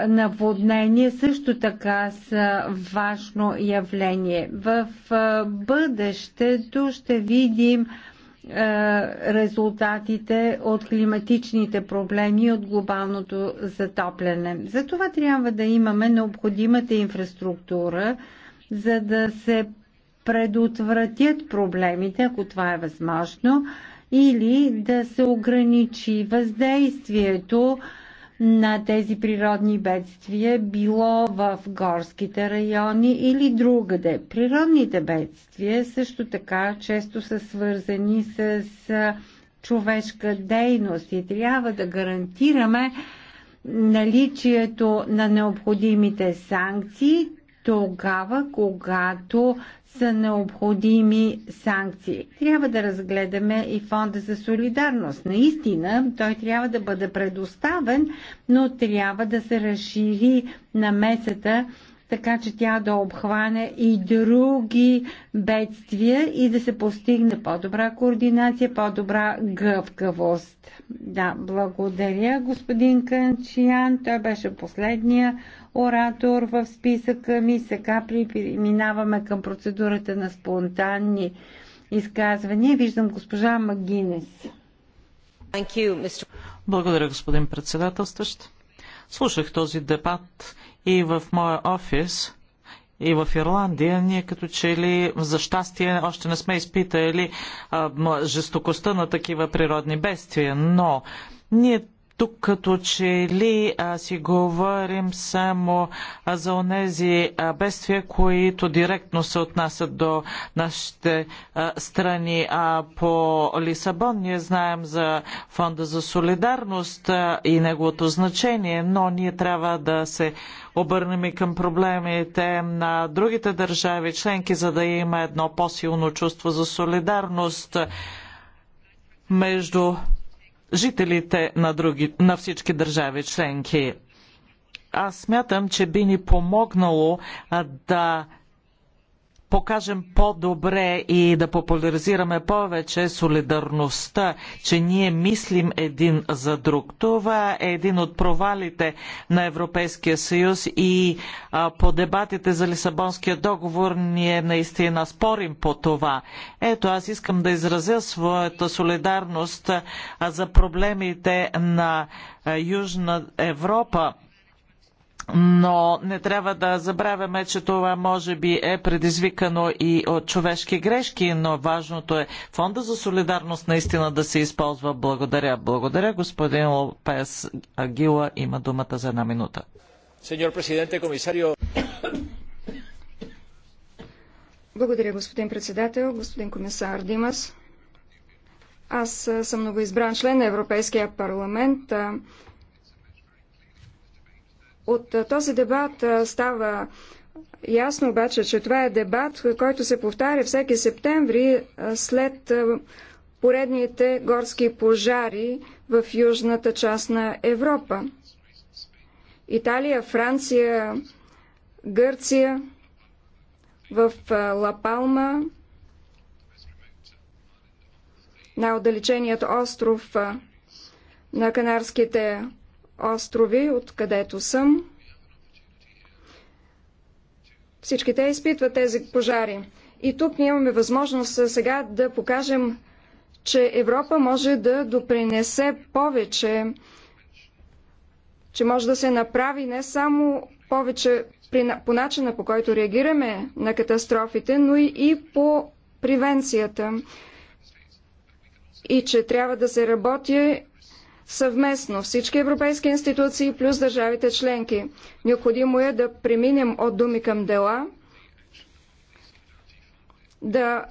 наводнение също така са важно явление. В бъдещето ще видим резултатите от климатичните проблеми и от глобалното затопляне. Затова трябва да имаме необходимата инфраструктура, за да се предотвратят проблемите, ако това е възможно, или да се ограничи въздействието на тези природни бедствия, било в горските райони или другаде. Природните бедствия също така често са свързани с човешка дейност и трябва да гарантираме наличието на необходимите санкции тогава, когато са необходими санкции. Трябва да разгледаме и фонда за солидарност. Наистина, той трябва да бъде предоставен, но трябва да се разшири намесата, така че тя да обхване и други бедствия и да се постигне по-добра координация, по-добра гъвкавост. Да, благодаря господин Канчиян. Той беше последния оратор в списъка ми. Сега преминаваме към процедурата на спонтанни изказвания. Виждам госпожа Магинес. Благодаря, господин председателстващ. Слушах този дебат и в моя офис и в Ирландия, ние като че ли за щастие още не сме изпитали а, жестокостта на такива природни бедствия, но ние тук като че ли а, си говорим само а, за онези а, бедствия, които директно се отнасят до нашите а, страни. А по Лисабон ние знаем за Фонда за солидарност а, и неговото значение, но ние трябва да се обърнем и към проблемите на другите държави членки, за да има едно по-силно чувство за солидарност между жителите на, други, на всички държави членки. Аз смятам, че би ни помогнало да покажем по-добре и да популяризираме повече солидарността, че ние мислим един за друг. Това е един от провалите на Европейския съюз и а, по дебатите за Лисабонския договор ние наистина спорим по това. Ето, аз искам да изразя своята солидарност за проблемите на Южна Европа но не трябва да забравяме, че това може би е предизвикано и от човешки грешки, но важното е фонда за солидарност наистина да се използва. Благодаря. Благодаря. Господин Лопес Агила има думата за една минута. Благодаря, господин председател, господин комисар Димас. Аз съм новоизбран член на Европейския парламент. От този дебат става ясно обаче, че това е дебат, който се повтаря всеки септември след поредните горски пожари в южната част на Европа. Италия, Франция, Гърция, в Лапалма, най-отдалеченият остров на Канарските острови, откъдето съм. Всички те изпитват тези пожари. И тук ние имаме възможност сега да покажем, че Европа може да допринесе повече, че може да се направи не само повече по начина по който реагираме на катастрофите, но и по превенцията. И че трябва да се работи съвместно всички европейски институции плюс държавите членки. Необходимо е да преминем от думи към дела, да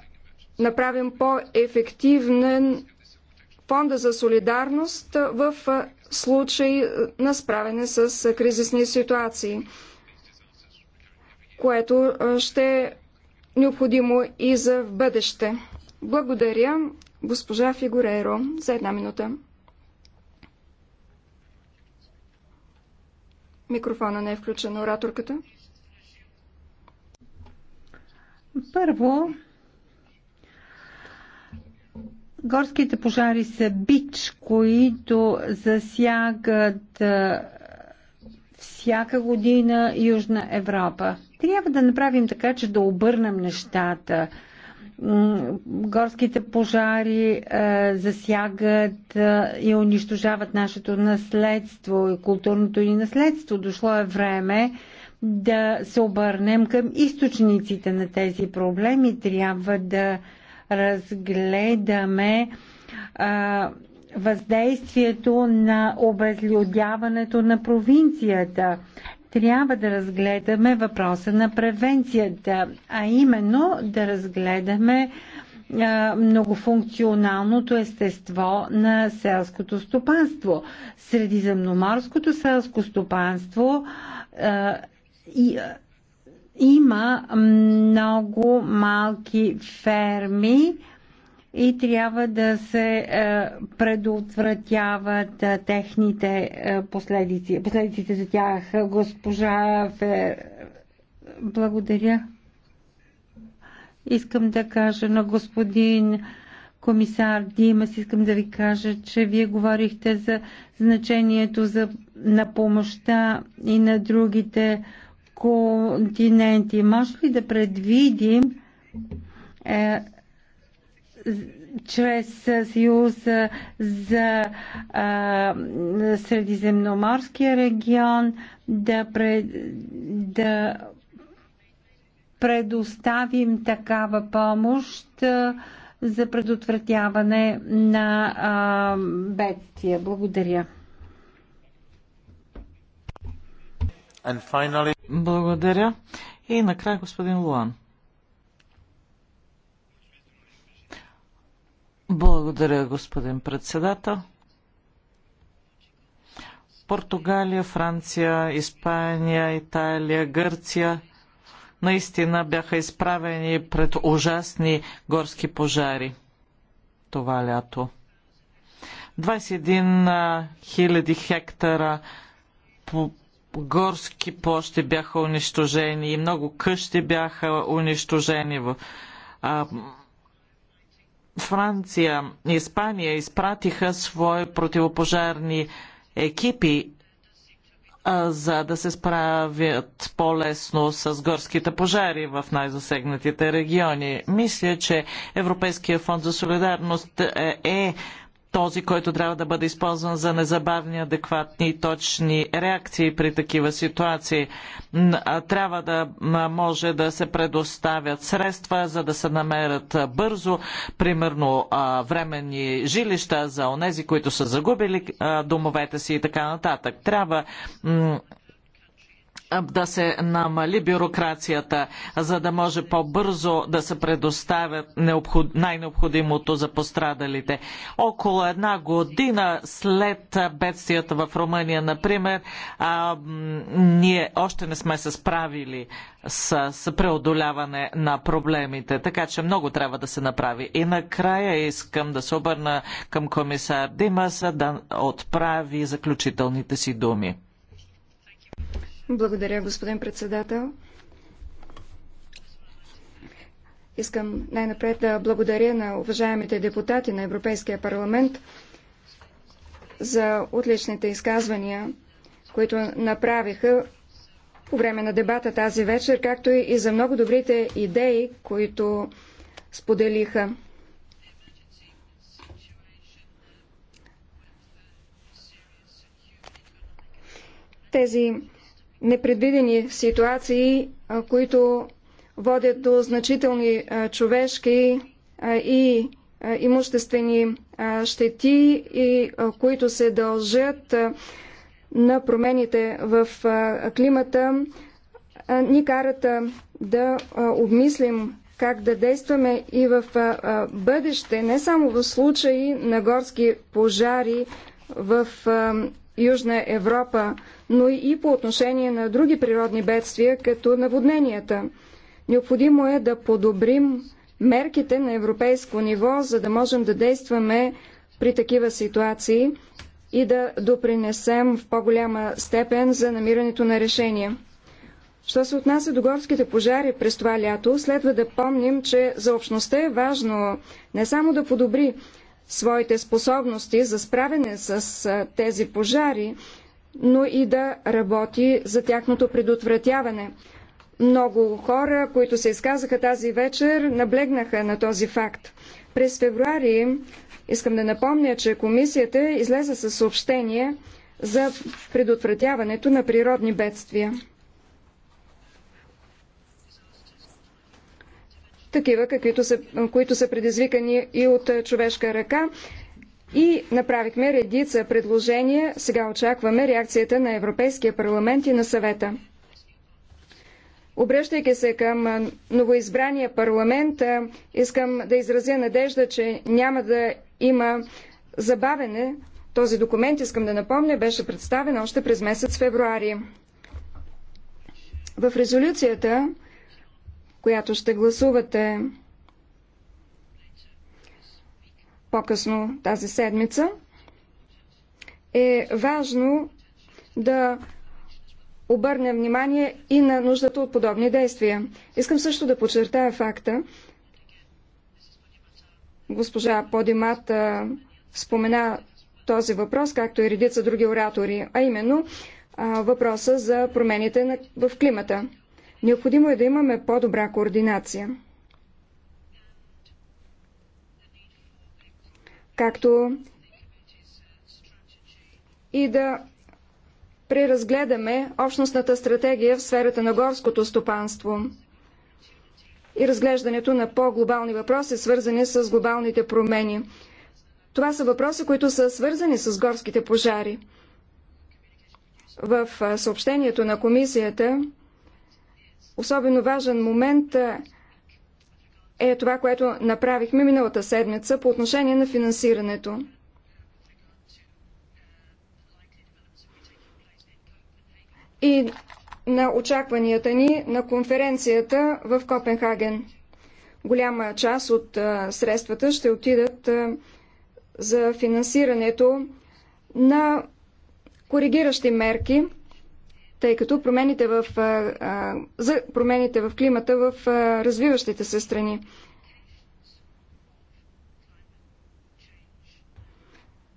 направим по-ефективен фонда за солидарност в случай на справяне с кризисни ситуации, което ще е необходимо и за в бъдеще. Благодаря, госпожа Фигуреро, за една минута. Микрофона не е включена ораторката. Първо, горските пожари са бич, които засягат всяка година Южна Европа. Трябва да направим така, че да обърнем нещата горските пожари е, засягат е, и унищожават нашето наследство и културното ни наследство. Дошло е време да се обърнем към източниците на тези проблеми. Трябва да разгледаме е, въздействието на обезлюдяването на провинцията трябва да разгледаме въпроса на превенцията, а именно да разгледаме многофункционалното естество на селското стопанство. Средиземноморското селско стопанство и, има много малки ферми, и трябва да се е, предотвратяват е, техните е, последици, последиците за тях. Госпожа Фер, благодаря. Искам да кажа на господин комисар Димас, искам да ви кажа, че вие говорихте за значението за, на помощта и на другите континенти. Може ли да предвидим е, чрез съюз за а, Средиземноморския регион да, пред, да предоставим такава помощ за предотвратяване на а, бедствия. Благодаря. And finally... Благодаря. И накрая господин Луан. Благодаря, господин председател. Португалия, Франция, Испания, Италия, Гърция наистина бяха изправени пред ужасни горски пожари това лято. 21 000 хектара по горски площи бяха унищожени и много къщи бяха унищожени. В, а, Франция и Испания изпратиха свои противопожарни екипи, за да се справят по-лесно с горските пожари в най-засегнатите региони. Мисля, че Европейския фонд за солидарност е, е този, който трябва да бъде използван за незабавни, адекватни и точни реакции при такива ситуации. Трябва да може да се предоставят средства, за да се намерят бързо, примерно временни жилища за онези, които са загубили домовете си и така нататък. Трябва да се намали бюрокрацията, за да може по-бързо да се предоставят най-необходимото за пострадалите. Около една година след бедствията в Румъния, например, а, ние още не сме се справили с, с преодоляване на проблемите, така че много трябва да се направи. И накрая искам да се обърна към комисар Димаса да отправи заключителните си думи. Благодаря, господин председател. Искам най-напред да благодаря на уважаемите депутати на Европейския парламент за отличните изказвания, които направиха по време на дебата тази вечер, както и за много добрите идеи, които споделиха. Тези непредвидени ситуации, които водят до значителни човешки и имуществени щети, и които се дължат на промените в климата, ни карат да обмислим как да действаме и в бъдеще, не само в случаи на горски пожари в Южна Европа, но и по отношение на други природни бедствия, като наводненията. Необходимо е да подобрим мерките на европейско ниво, за да можем да действаме при такива ситуации и да допринесем в по-голяма степен за намирането на решения. Що се отнася до горските пожари през това лято, следва да помним, че за общността е важно не само да подобри своите способности за справяне с тези пожари, но и да работи за тяхното предотвратяване. Много хора, които се изказаха тази вечер, наблегнаха на този факт. През февруари искам да напомня, че комисията излезе със съобщение за предотвратяването на природни бедствия. такива, каквито са, които са предизвикани и от човешка ръка. И направихме редица предложения. Сега очакваме реакцията на Европейския парламент и на съвета. Обръщайки се към новоизбрания парламент, искам да изразя надежда, че няма да има забавене. Този документ, искам да напомня, беше представен още през месец февруари. В резолюцията която ще гласувате по-късно тази седмица, е важно да обърнем внимание и на нуждата от подобни действия. Искам също да подчертая факта, госпожа Подимат спомена този въпрос, както и редица други оратори, а именно въпроса за промените в климата. Необходимо е да имаме по-добра координация. Както и да преразгледаме общностната стратегия в сферата на горското стопанство и разглеждането на по-глобални въпроси, свързани с глобалните промени. Това са въпроси, които са свързани с горските пожари. В съобщението на комисията Особено важен момент е, е това, което направихме миналата седмица по отношение на финансирането. И на очакванията ни на конференцията в Копенхаген. Голяма част от е, средствата ще отидат е, за финансирането на коригиращи мерки, тъй като промените в, а, за промените в климата в а, развиващите се страни.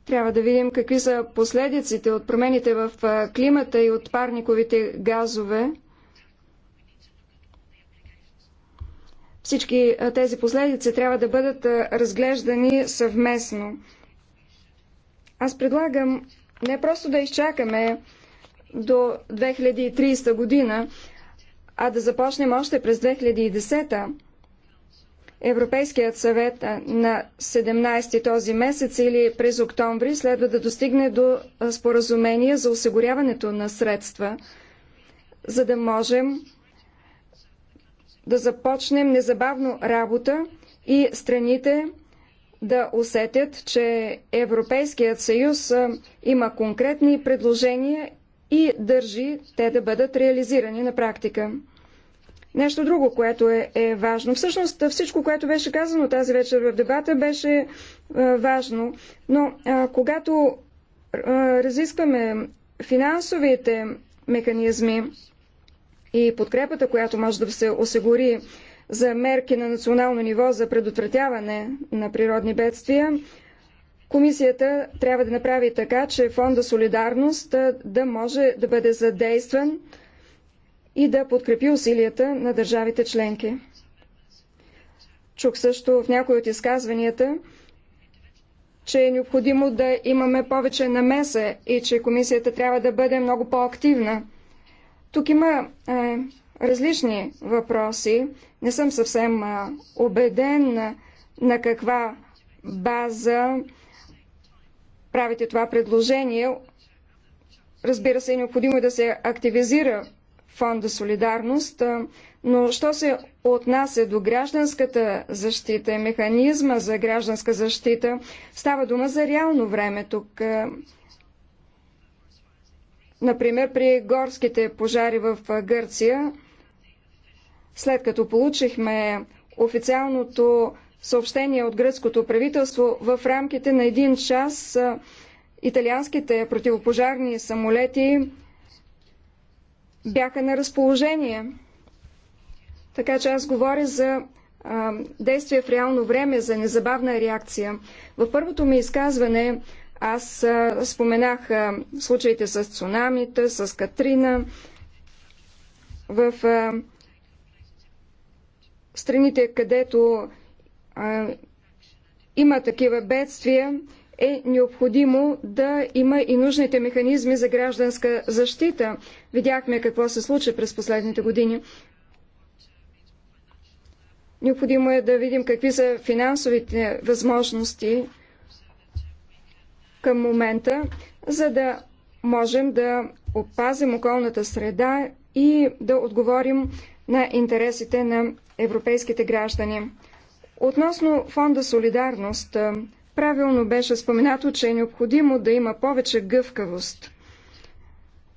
Трябва да видим какви са последиците от промените в климата и от парниковите газове. Всички тези последици трябва да бъдат разглеждани съвместно. Аз предлагам не просто да изчакаме до 2030 година, а да започнем още през 2010 Европейският съвет на 17 този месец или през октомври следва да достигне до споразумение за осигуряването на средства, за да можем да започнем незабавно работа и страните да усетят, че Европейският съюз има конкретни предложения и държи те да бъдат реализирани на практика. Нещо друго, което е, е важно. Всъщност всичко, което беше казано тази вечер в дебата, беше е, важно. Но е, когато е, разискваме финансовите механизми и подкрепата, която може да се осигури за мерки на национално ниво за предотвратяване на природни бедствия, Комисията трябва да направи така, че фонда Солидарност да може да бъде задействан и да подкрепи усилията на държавите членки. Чух също в някои от изказванията, че е необходимо да имаме повече намеса и че комисията трябва да бъде много по-активна. Тук има е, различни въпроси. Не съм съвсем е, убеден на, на каква база правите това предложение. Разбира се, е необходимо да се активизира фонда Солидарност, но що се отнася до гражданската защита и механизма за гражданска защита, става дума за реално време тук. Например, при горските пожари в Гърция, след като получихме официалното съобщение от гръцкото правителство, в рамките на един час италианските противопожарни самолети бяха на разположение. Така че аз говоря за а, действие в реално време, за незабавна реакция. В първото ми изказване аз а, споменах а, случаите с цунамите, с Катрина. В а, страните, където има такива бедствия, е необходимо да има и нужните механизми за гражданска защита. Видяхме какво се случи през последните години. Необходимо е да видим какви са финансовите възможности към момента, за да можем да опазим околната среда и да отговорим на интересите на европейските граждани. Относно фонда Солидарност, правилно беше споменато, че е необходимо да има повече гъвкавост.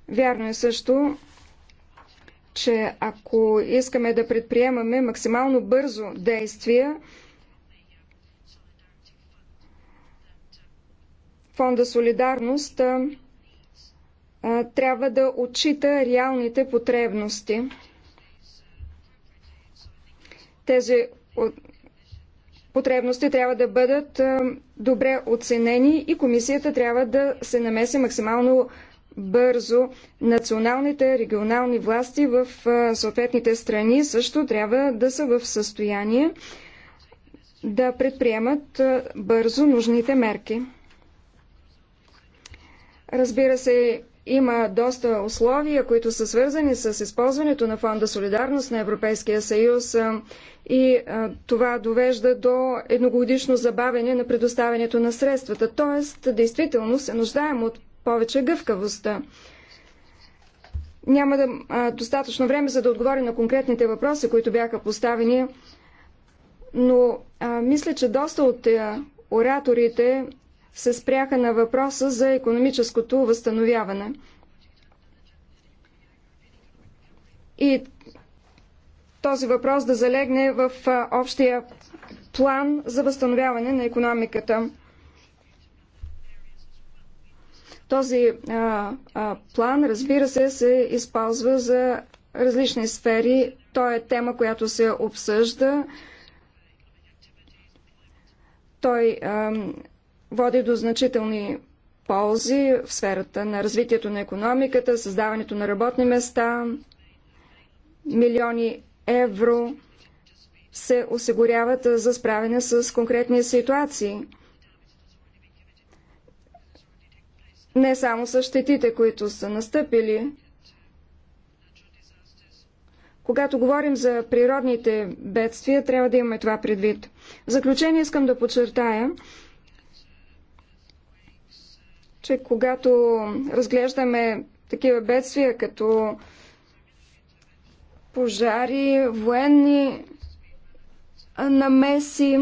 Вярно е също, че ако искаме да предприемаме максимално бързо действия, фонда Солидарност трябва да отчита реалните потребности. Тези потребности трябва да бъдат добре оценени и комисията трябва да се намеси максимално бързо. Националните регионални власти в съответните страни също трябва да са в състояние да предприемат бързо нужните мерки. Разбира се, има доста условия, които са свързани с използването на Фонда Солидарност на Европейския съюз и това довежда до едногодишно забавене на предоставянето на средствата. Тоест, действително се нуждаем от повече гъвкавост. Няма да, а, достатъчно време, за да отговоря на конкретните въпроси, които бяха поставени, но а, мисля, че доста от а, ораторите се спряха на въпроса за економическото възстановяване. И този въпрос да залегне в общия план за възстановяване на економиката. Този а, а, план, разбира се, се използва за различни сфери. Той е тема, която се обсъжда. Той а, води до значителни ползи в сферата на развитието на економиката, създаването на работни места, милиони евро се осигуряват за справяне с конкретни ситуации. Не само с щетите, които са настъпили. Когато говорим за природните бедствия, трябва да имаме това предвид. В заключение искам да подчертая, че когато разглеждаме такива бедствия, като пожари, военни намеси,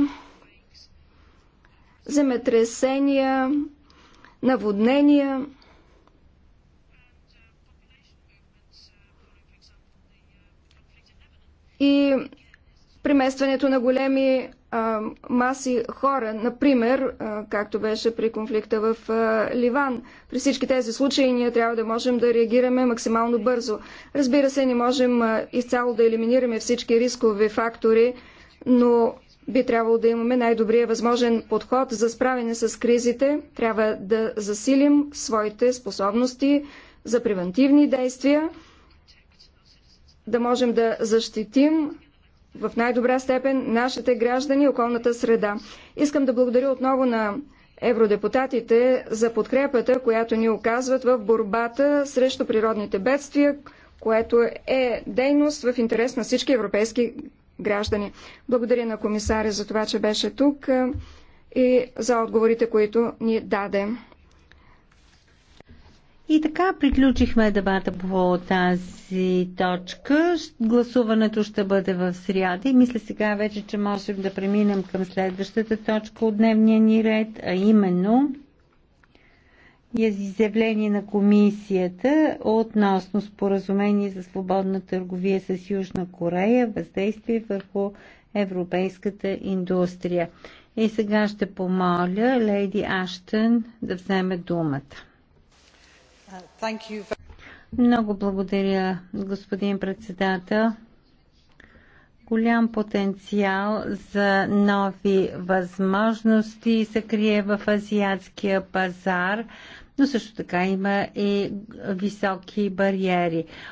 земетресения, наводнения, и преместването на големи маси хора, например, както беше при конфликта в Ливан. При всички тези случаи ние трябва да можем да реагираме максимално бързо. Разбира се, не можем изцяло да елиминираме всички рискови фактори, но би трябвало да имаме най-добрия възможен подход за справяне с кризите. Трябва да засилим своите способности за превентивни действия, да можем да защитим в най-добра степен нашите граждани и околната среда. Искам да благодаря отново на евродепутатите за подкрепата, която ни оказват в борбата срещу природните бедствия, което е дейност в интерес на всички европейски граждани. Благодаря на комисаря за това, че беше тук и за отговорите, които ни даде. И така приключихме дебата по тази точка. Гласуването ще бъде в сряда и мисля сега вече, че можем да преминем към следващата точка от дневния ни ред, а именно изявление на комисията относно споразумение за свободна търговия с Южна Корея, въздействие върху европейската индустрия. И сега ще помоля Лейди Аштън да вземе думата. Много благодаря, господин председател. Голям потенциал за нови възможности се крие в азиатския пазар, но също така има и високи бариери.